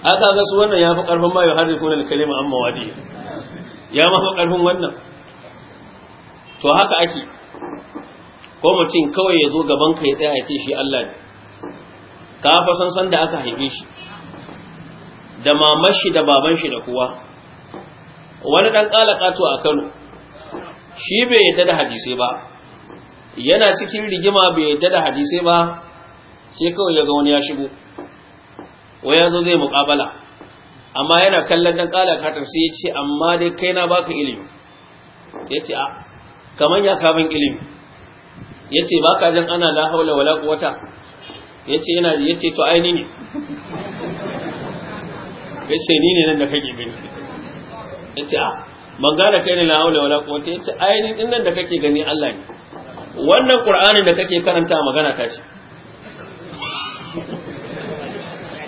aka ga su wannan ya fi ƙarfin ma har kuna da kalima amma wadi ya ma fi ƙarfin wannan to haka ake ko mutum kawai ya zo gaban ka ya tsaya ya ce shi Allah ne ka fa san san aka haife shi da maman da baban da kowa wani ɗan ƙalaƙa to a Kano shi bai yadda da hadisai ba yana cikin rigima bai yadda da hadisai ba sai kawai ya ga wani ya shigo wai ya zo zai muƙabala amma yana kallon dan ƙala katar sai ya ce amma dai kai na baka ilimi ya ce a kaman ya kaban ilimi ya ce baka jan ana la haula wala quwata ya ce yana ya ce to aini ne ya ce ni ne nan da kake gani ya ce a ban gane kai ne la haula wala quwata ya ce aini din nan da kake gani Allah ne wannan ƙur'anin da kake karanta magana ta ce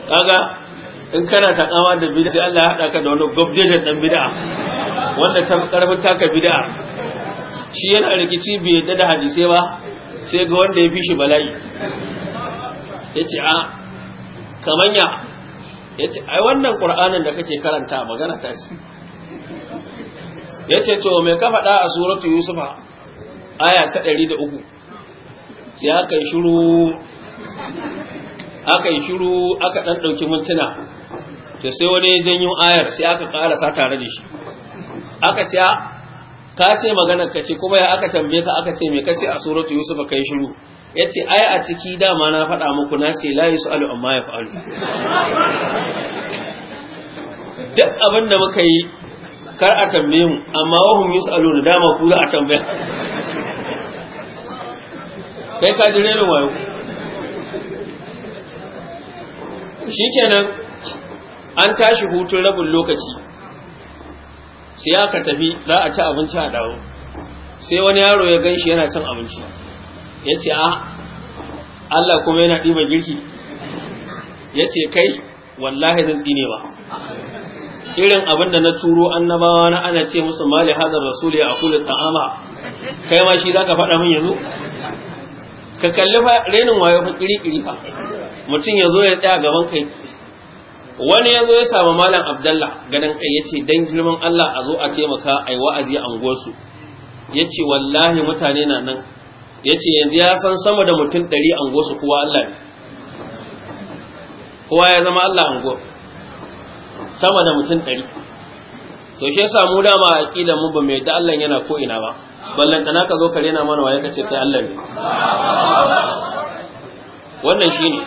kaga in kana ta takawa da bid'a sai Allah ya hada ka da wani gobje da dan bid'a wanda ta karfin taka bid'a shi yana rikici bai yadda da hadisai ba sai ga wanda ya fi shi bala'i yace a kamanya yace ai wannan qur'anin da kake karanta magana ta ce yace to me ka faɗa a suratu yusufa aya ta ɗari da uku sai aka yi shiru aka yi shiru aka ɗan ɗauki mintuna to sai wani ya janyo ayar sai aka ƙarasa tare da shi aka ce ka ce maganar ka ce kuma ya aka tambaye ka aka ce me kace a suratu yusuf ka yi shiru ya ce ai a ciki dama na faɗa muku na ce la yus'alu amma ya fa'alu duk abin da muka yi kar a tambaye mu amma wahum yus'alu da dama ku za a tambaya kai ka jire ni wayo shikenan an tashi hutun rabin lokaci sai aka tafi za a ci abinci a dawo sai wani yaro ya gan shi yana cin abinci ya ce a ah, Allah kuma yana ɗiba girki ya ce kai wallahi zan tsine ba irin abin da na turo annabawa na ana ce musu mali hazar rasuli a kullu ta'ama kai ma shi za ka faɗa min yanzu ka kalli fa renin wayo fa kiri-kiri fa mutum ya zo ya tsaya gaban kai wani ya zo ya samu malam abdallah ganin kai ya ce dan girman allah a zo a taimaka a yi wa'azi a unguwarsu ya ce wallahi mutane na nan ya ce yanzu ya san sama da mutum 100 an gosu kowa allah ne kowa ya zama allah an unguwar sama da mutum 100 to shi ya samu dama a mu ba mai da allah yana ko ina ba ballantana ka zo ka rena mana waye ka ce kai Allah ne wannan ne.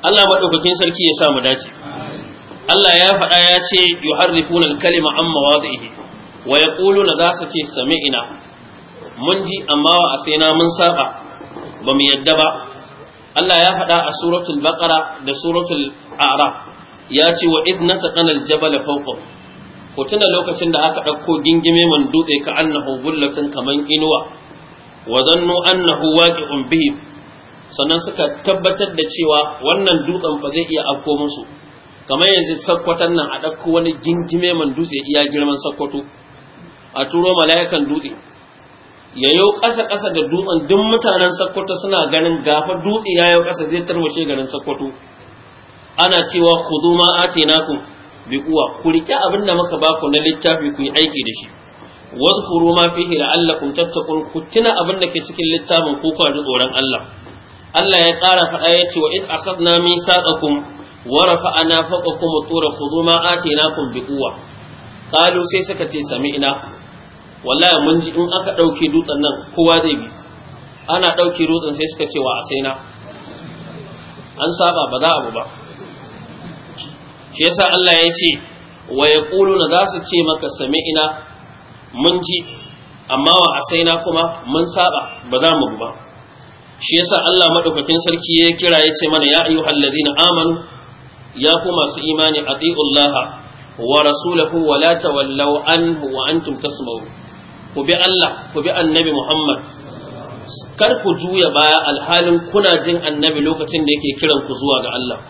Allah madaukakin sarki ya sa mu dace Allah ya faɗa ya ce yuharrifuna al-kalima an mawadihi wa yaquluna za su ce sami'ina mun ji amma wa asaina mun saba ba mu yadda ba Allah ya faɗa a suratul baqara da suratul a'raf ya ce wa idna taqana al-jabala fawqahum ko tunda lokacin da aka ɗauko gingime man dutse ka annahu bullatin kaman inuwa wa zannu annahu waqi'un bihi sannan suka tabbatar da cewa wannan dutsen fa zai iya afko musu kamar yanzu sakkwatan nan a ɗauko wani gingime man dutse iya girman sakkwato a turo mala'ikan dutse yayo ƙasa ƙasa da dutsen duk mutanen sakkwato suna ganin gafa dutse yayo kasa zai tarwashe garin sakkwato ana cewa khuduma atinakum bi ku riƙe abin da muka baku na littafi ku yi aiki da shi wasu furu ma fi hira Allah kun tattakun abin da ke cikin littafin ku kuwa tsoron Allah Allah ya ƙara faɗa ya ce wa in a sadna min saɗakun warafa ana faɗa kuma tsoro ku zo ma a ce kun bi uwa ƙalu sai suka ce sami ina wallahi mun ji in aka ɗauki dutsen nan kowa zai bi ana ɗauki dutsen sai suka ce wa a sai na an saba ba za abu ba shi yasa Allah ya ce wa na za su ce maka sami'ina mun ji amma wa asaina kuma mun saba ba za mu ba shi yasa Allah madaukakin sarki ya kira ya ce mana ya ayyuhal ladina amanu ya ku masu imani atiullaha wa rasulahu wa la tawallaw anhu wa antum ku bi Allah ku bi annabi Muhammad kar ku juya baya alhalin kuna jin annabi lokacin da yake kiran ku zuwa ga Allah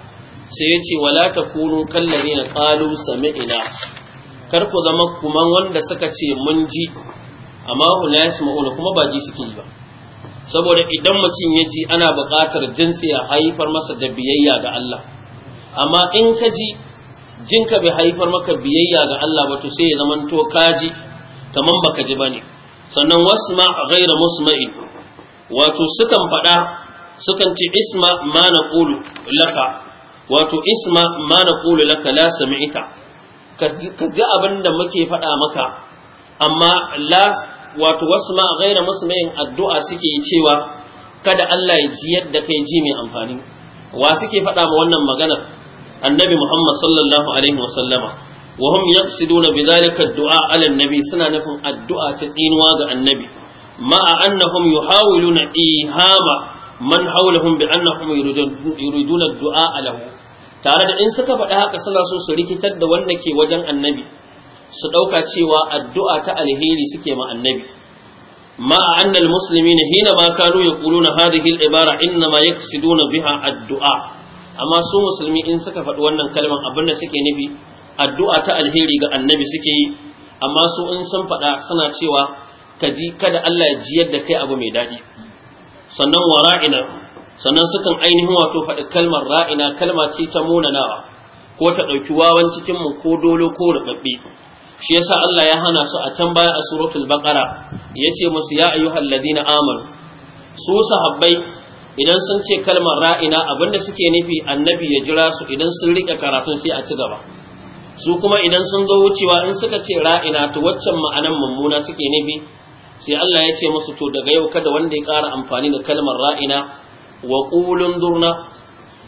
sai ya ce wala ta na kallazina sami ina. kar ku zama kuman wanda suka ce mun ji amma su ma'ula kuma ba ji suke yi ba saboda idan mutum ya ji ana buƙatar jinsi a haifar masa da biyayya ga Allah amma in ka ji jinka bai haifar maka biyayya ga Allah ba to sai ya zama to ka ji ba baka ji bane sannan wasma ghayra musma'in wato sukan faɗa sukan ci isma ma naqulu laka wato isma ma na ƙulu laka la sami'ita ka ji abin da muke faɗa maka amma la wato wasu ma gaira musulmin addu'a suke cewa kada Allah ya ji yadda kai ji mai amfani wa suke faɗa ma wannan maganar annabi Muhammad sallallahu alaihi wa sallama wa hum yaqsiduna bidhalika ad-du'a ala suna nufin addu'a ta tsinuwa ga annabi ma'a annahum yuhawiluna ihama man hawlahum bi annahum yuriduna addu'a dua lahu tare da in suka faɗi haka suna so su rikitar da wanda ke wajen annabi su ɗauka cewa addu'a ta alheri suke ma annabi ma a annal musulmi na hina ma kanu ya ƙulu na hadihil ibara inna ma ya na biha addu'a amma su musulmi in suka faɗi wannan kalman abin da suke nufi addu'a ta alheri ga annabi suke yi amma su in sun faɗa suna cewa ka ji kada Allah ya jiyar da kai abu mai daɗi sannan wara'ina sannan sukan ainihin wato faɗi kalmar ra'ina kalma ce ta munanawa ko ta ɗauki wawan cikin mu ko dolo ko rubabbe shi yasa Allah ya hana su a can baya a suratul baqara yace musu ya ayyuhal ladina amanu su sahabbai idan sun ce kalmar ra'ina abinda suke nufi annabi ya jira su idan sun rike karatun sai a ci gaba su kuma idan sun zo wucewa in suka ce ra'ina to waccan ma'anan mummuna suke nufi sai Allah ya ce musu to daga yau kada wanda ya ƙara amfani da kalmar ra'ina wa qulun durna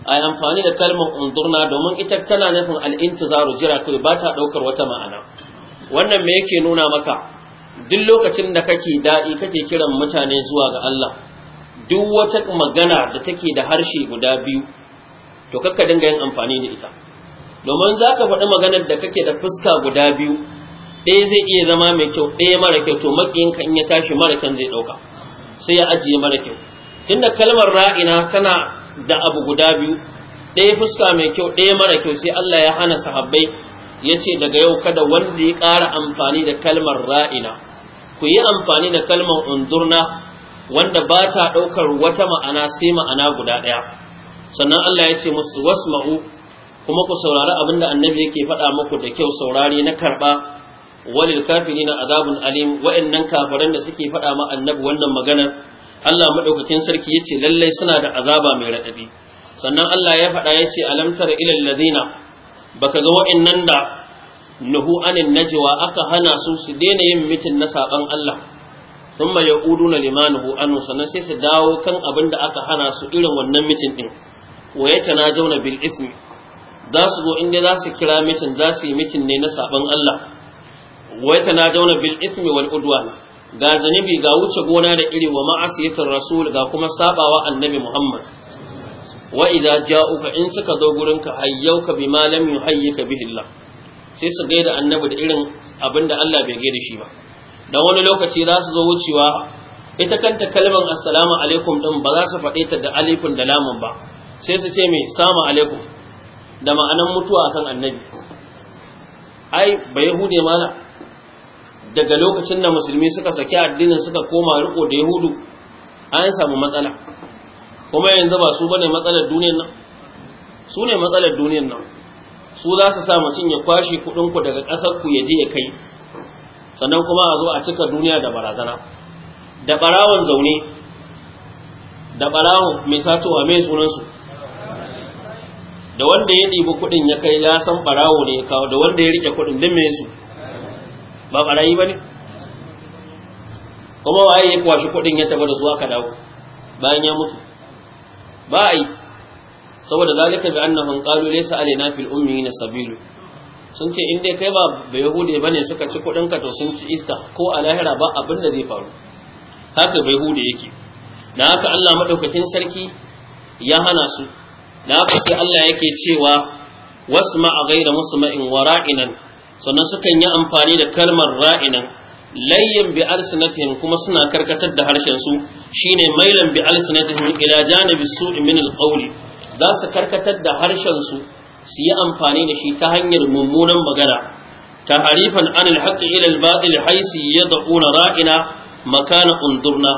a amfani da kalmar undurna domin ita tana nufin al'intizaru jira kai ba ta ɗaukar wata ma'ana wannan me yake nuna maka duk lokacin da kake daɗi kake kiran mutane zuwa ga Allah duk wata magana da take da harshe guda biyu to kakka dinga yin amfani da ita domin za ka faɗi maganar da kake da fuska guda biyu ɗaya zai iya zama mai kyau ɗaya mara kyau to maƙiyinka in ya tashi mara kyan zai ɗauka sai ya ajiye mara kyau inda kalmar ra'ina tana da abu guda biyu ɗaya fuska mai kyau ɗaya mara kyau sai Allah ya hana sahabbai ya ce daga yau kada wanda ya ƙara amfani da kalmar ra'ina ku yi amfani da kalmar unzurna wanda ba ta ɗaukar wata ma'ana sai ma'ana guda ɗaya sannan Allah ya ce musu ma'u, kuma ku saurari abin da annabi yake faɗa muku da kyau saurari na karɓa walil kafirina azabun alim wa'annan kafiran da suke faɗa ma annabi wannan maganar Allah maɗaukacin sarki yace lallai suna da azaba mai radadi sannan Allah ya faɗa yace a tara ilal ladina baka ga wa'annan da nuhu anin najwa aka hana su su daina yin mitin na saban Allah thumma yaquduna limanuhu anhu sannan sai su dawo kan abin da aka hana su irin wannan mitin din wa yatanajawna bil ismi za su go inda za su kira mitin za su yi mitin ne na saban Allah wa yatanajawna bil ismi wal udwan ga zanibi ga wuce gona da iri wa ma'asiyatar rasul ga kuma sabawa annabi muhammad wa idza ja'uka in suka zo gurinka hayyauka bima lam yuhayyika bihi Allah sai su gaida annabi da irin abinda Allah bai gaida shi ba dan wani lokaci za su zo wucewa ita kanta kalmar assalamu alaikum din ba za su faɗe ta da alifin da lamun ba sai su ce mai salamu alaikum da ma'anan mutuwa akan annabi ai ba hude mala daga lokacin da musulmi suka saki addinin suka koma riko da yahudu an samu matsala kuma yanzu ba su bane matsalar duniyar nan su ne matsalar duniyar nan su za su sa mutum ya kwashe kuɗin ku daga ƙasar ku ya je ya kai sannan kuma a zo a cika duniya da barazana da barawon zaune da barawo mai satowa mai sunansu da wanda ya ɗibi kuɗin ya kai ya san barawo ne ya kawo da wanda ya rike kuɗin din mai su ba barayi ba ne kuma waye ya kwashi kuɗin ya taba da zuwa ka dawo bayan ya mutu ba a yi saboda zalika bi annahum qalu laysa alaina fil ummiina sabilu sun ce in dai kai ba ba yahude bane suka ci kuɗin ka to sun ci iska ko a lahira ba abin da zai faru haka bai hude yake Na haka Allah madaukakin sarki ya hana su na haka sai Allah yake cewa wasma ghayra musma'in wara'inan sannan sukan yi amfani da kalmar ra'inan layyan bi alsinatihim kuma suna karkatar da harshen su shine mailan bi alsinatihim ila janibi su'i min alqawli za su karkatar da harshen su su yi amfani da shi ta hanyar mummunan magana taharifan anil haqqi ila al haisi haysi yad'una ra'ina makana undurna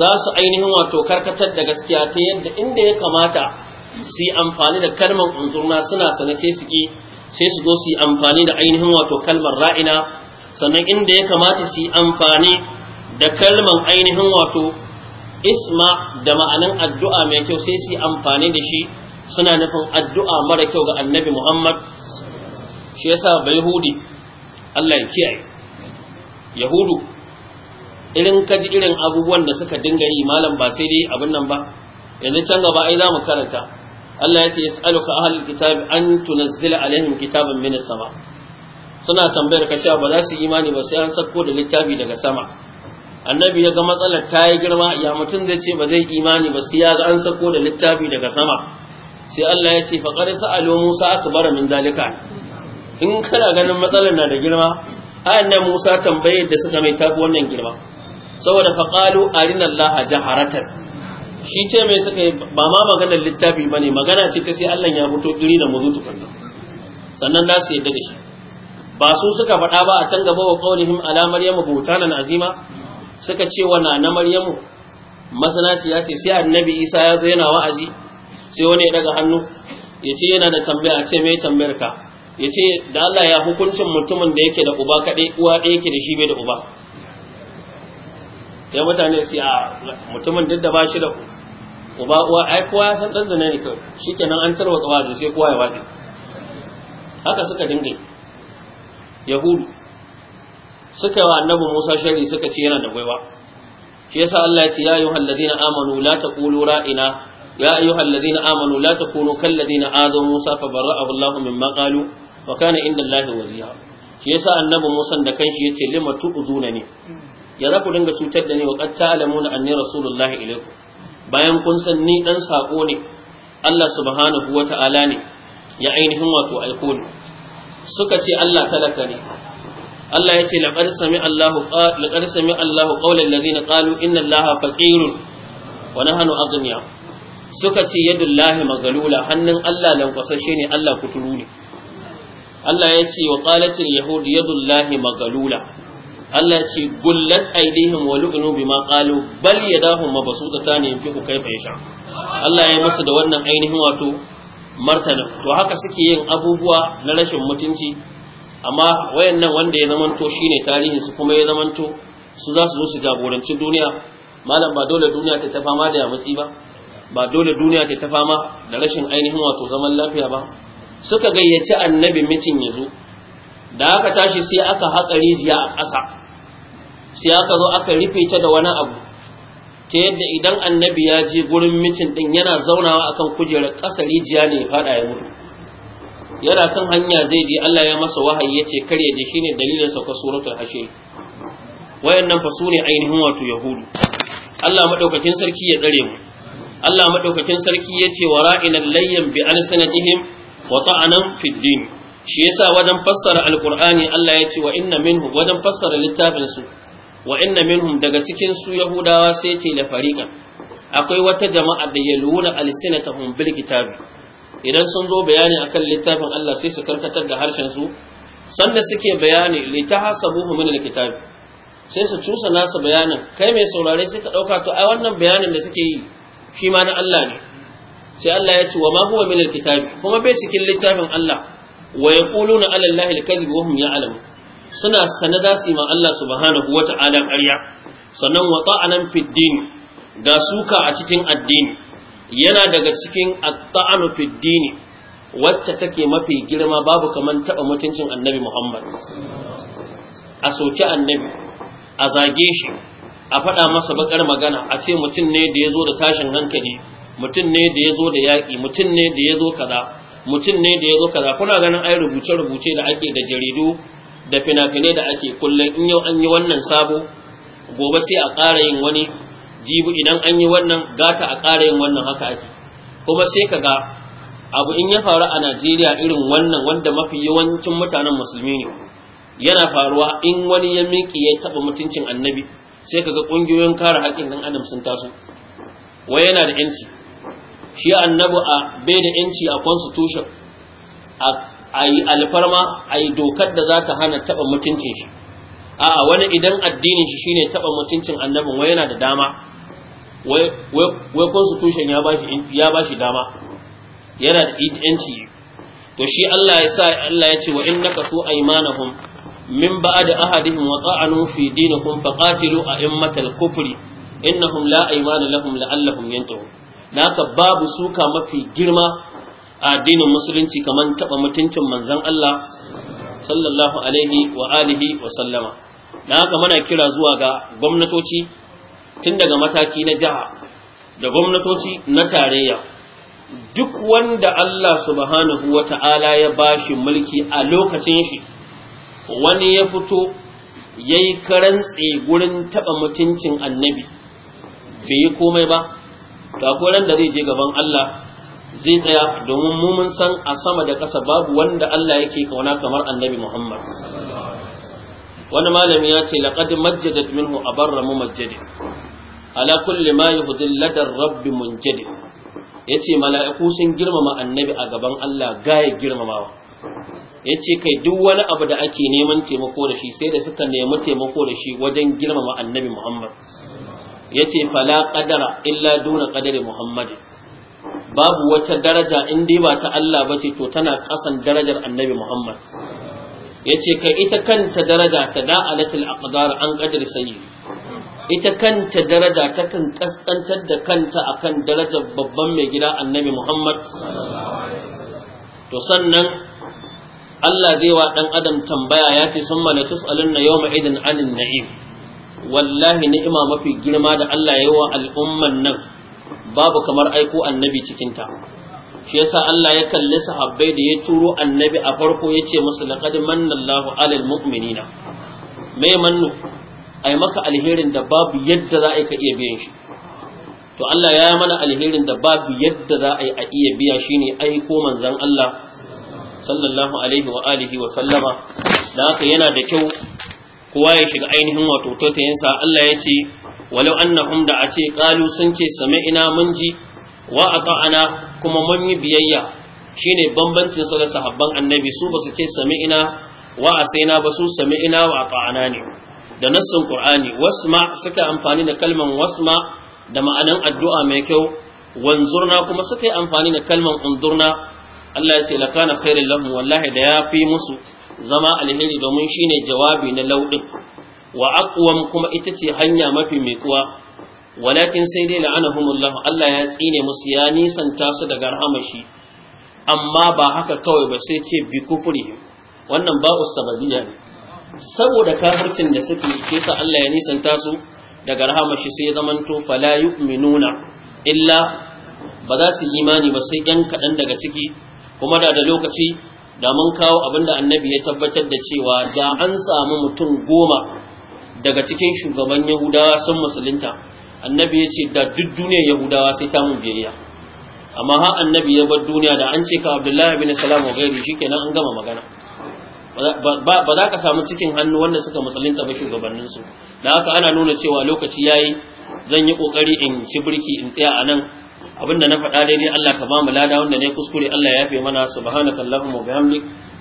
za su ainihin wato karkatar da gaskiya ta yadda inda ya kamata su yi amfani da kalmar unzurna suna sane sai su ki sai su zo su yi amfani da ainihin wato kalmar ra'ina sannan inda ya kamata su yi amfani da kalmar ainihin wato isma da ma'anin addu'a mai kyau sai su yi amfani da shi suna nufin addu'a mara kyau ga annabi Muhammad shi yasa bai hudi Allah ya kiyaye yahudu irin kaji irin abubuwan da suka dinga yi malam ba sai dai abin nan ba yanzu can gaba ai za mu karanta Allah ya ce yas'aluka ahlul kitab an tunazzila alaihim kitaban min sama suna tambayar ka cewa ba za su imani ba sai an sako da littafi daga sama annabi ya ga matsalar ta yi girma ya mutum zai ce ba zai imani ba sai ya ga an sako da littafi daga sama sai Allah ya ce qad sa'alu Musa akbara min dalika in kana ganin matsalar na da girma ayan nan Musa tambayar da suka mai tafi wannan girma saboda qalu arina Allah jaharatan shi ce mai suka yi ba ma maganar littafi ba ne magana ce ta sai Allah ya fito iri da muzu tukunna sannan za su yadda da shi ba su suka faɗa ba a can gaba wa ƙaunihim ala maryamu na azima suka ce wa na maryamu masanaciya ce sai annabi isa ya zo yana wa'azi sai wani ya daga hannu ya ce yana da tambaya ce mai tambayar ka ya ce da Allah ya hukuncin mutumin da yake da uba kaɗai uwa ɗaya yake da shi bai da uba sai mutane su a mutumin duk da ba shi da uba uwa ai kowa ya san dan zina ne kawai shikenan an tarwa tsawa da sai kowa ya wadi haka suka dinga yahudu suka wa annabi Musa shari suka ce yana da gwaiwa shi yasa Allah ya ce ya ayyuhal ladina amanu la taqulu ra'ina ya ayyuhal ladina amanu la takunu kal ladina adaw Musa fa barra'ahu Allah mimma qalu wa kana inda Allah waziha shi yasa annabi Musa da kanshi yace lima tu'zuna ne ya za ku dinga cutar da ni wa alamu ta'lamuna anni rasulullahi ilaykum bayan kun san ni dan sako ne Allah subhanahu wata'ala ne ya ainihin wato aiko ne suka ce Allah talaka ne Allah ya ce laqad sami Allahu laqad sami Allahu qawlan ladina qalu inna Allaha faqirun wa nahnu aghniya suka ce yadullahi magalula hannun Allah lankwasashe ne Allah kuturu ne Allah ya ce wa qalatil yahud yadullahi magalula Allah ce gullat aidihim wa lu'nu bima qalu bal yadahu ne yunfiqu kayfa yasha Allah ya yi musu da wannan ainihin wato martana to haka suke yin abubuwa na rashin mutunci amma wayannan wanda ya zamanto shine tarihin su kuma ya zamanto su za su zo su jagoranci duniya malam ba dole duniya ta ta fama da yamutsi ba ba dole duniya ta ta fama da rashin ainihin wato zaman lafiya ba suka gayyaci annabi mitin ya zo da aka tashi sai aka haƙa rijiya a ƙasa sai aka zo aka rufe ta da wani abu ta yadda idan annabi ya je gurin mitin din yana zaunawa akan kujerar ƙasa rijiya ne ya faɗa ya mutu yana kan hanya zai je Allah ya masa wahayi ya ce kare da ne dalilin ka suratul hashir wayannan fa sune ainihin wato yahudu Allah madaukakin sarki ya tsare mu Allah madaukakin sarki ya ce wara'ilal layyan bi alsanatihim wa ta'anan fid din shi yasa wajen fassara alqur'ani Allah ya ce wa inna minhu wajen fassara littafin su wa inna minhum daga cikin su yahudawa sai ce da fariqan akwai wata jama'a da yaluna alsinatahum bil kitabi idan sun zo bayani akan littafin Allah sai su karkatar da harshen su sanda suke bayani litahasabuhu min alkitabi sai su cusa nasu bayanin kai mai saurare sai ka dauka to ai wannan bayanin da suke yi shi ma na Allah ne sai Allah ya ce wa ma huwa min alkitabi kuma bai cikin littafin Allah wa yaquluna ala allahi alkadhib wa hum ya'lamun suna sana za su yi ma Allah subhanahu wata'ala ƙarya sannan wa ta'anan fiddin ga suka a cikin addini yana daga cikin at-ta'anu fiddini wacce take mafi girma babu kaman taba mutuncin annabi Muhammad a soki annabi a zage shi a faɗa masa bakar magana a ce mutum ne da ya zo da tashin hankali mutum ne da ya zo da yaƙi mutum ne da ya zo kaza mutum ne da ya zo kaza kuna ganin ai rubuce-rubuce da ake da jaridu da fina-finai da ake kullum in yau an yi wannan sabo gobe sai a ƙara yin wani jibu idan an yi wannan gata a ƙara yin wannan haka ake kuma sai ka ga abu in ya faru a najeriya irin wannan wanda mafi yawancin mutanen musulmi ne yana faruwa in wani ya miƙe ya taɓa mutuncin annabi sai ka ga ƙungiyoyin kare haƙƙin ɗan adam sun taso wai yana da yanci shi annabi a bai da yanci a constitution a a yi alfarma a yi dokar da za ta hana taɓa mutuncin shi a'a wani idan addinin shi shine taɓa mutuncin annabin wai yana da dama wai constitution ya ba shi dama yana da yanci to shi Allah ya sa Allah ya ce wa in innaka tu aymanahum min ba'd ahadihim wa ta'anu fi dinikum faqatilu a'immatal kufri innahum la aymana lahum la'allahum yantahun naka babu suka mafi girma addinin musulunci kamar taɓa mutuncin manzon Allah sallallahu alaihi wa alihi wa sallama na haka muna kira zuwa ga gwamnatoci tun daga mataki na jiha da gwamnatoci na tarayya duk wanda Allah subhanahu wa ta'ala ya bashi mulki a lokacin shi wani ya fito ya yi karantse gurin taɓa mutuncin annabi bai yi komai ba, ta da zai je gaban Allah zai tsaya domin mu mun san a sama da ƙasa babu wanda Allah yake kauna kamar annabi Muhammad wani malami ya ce laqad majjadat minhu abarra majjadi ala kulli ma yuhdil ladar rabbi munjadi yace mala'iku sun girmama annabi a gaban Allah gaya girmamawa yace kai duk wani abu da ake neman taimako da shi sai da suka nemi taimako da shi wajen girmama annabi Muhammad yace fala qadara illa duna qadari Muhammadin babu wata daraja in dai ba ta Allah ba ce to tana kasan darajar annabi Muhammad ya ce kai ita kanta daraja ta da'alatul aqdar an qadar sayyi ita kanta daraja ta kan kaskantar da kanta akan darajar babban mai gida annabi Muhammad to sannan Allah zai wa dan adam tambaya ya ce summa la tusalunna yawma idin anin na'im wallahi ni'ima mafi girma da Allah ya yi wa al'umman nan babu kamar aiko annabi cikinta ta shi yasa Allah ya kalli sahabbai da ya turo annabi a farko ya ce musu laqad Allahu alal mu'minina me mannu ai maka alherin da babu yadda za ka iya biyan shi to Allah ya yi mana alherin da babu yadda za a iya biya shine aiko manzon Allah sallallahu alaihi wa alihi wa sallama da haka yana da kyau kowa ya shiga ainihin wato tautayinsa Allah ya ce walau annahum da a ce qalu sun ce sami'na mun ji wa kuma mun yi biyayya shine bambancin su da sahabban annabi su basu ce sami'na wa asaina ba su sami'na wa ata'ana ne da nassin qur'ani wasma suka amfani da kalman wasma da ma'anan addu'a mai kyau wanzurna kuma suka yi amfani da kalman undurna Allah ya ce lakana khairin lahum wallahi da ya fi musu zama alheri domin shine jawabi na laudin wa aqwam kuma ita ce hanya mafi mai kuwa, walakin sai dai la'anahumullah Allah ya tsine musu ya nisanta su daga rahamashi amma ba haka kawai ba sai ce bi kufrihim wannan ba ustabadiya ne saboda kafircin da suke sa Allah ya nisanta su daga rahamashi shi sai zamanto fala yu'minuna illa ba za su imani ba sai yan kaɗan daga ciki kuma da da lokaci da mun kawo abinda annabi ya tabbatar da cewa da an samu mutum goma daga cikin shugaban yahudawa sun musulunta annabi ya ce da duk duniyar yahudawa sai ta mu biyayya amma ha annabi ya bar duniya da an ce ka abdullahi bin salam wa gairi shikenan an gama magana ba za ka samu cikin hannu wanda suka musulunta ba su da haka ana nuna cewa lokaci yayi yi zan yi ƙoƙari in ci birki in tsaya a nan abinda na faɗa daidai Allah ka ba mu lada wanda ne kuskure Allah ya fi mana subhanakallahumma wa bihamdik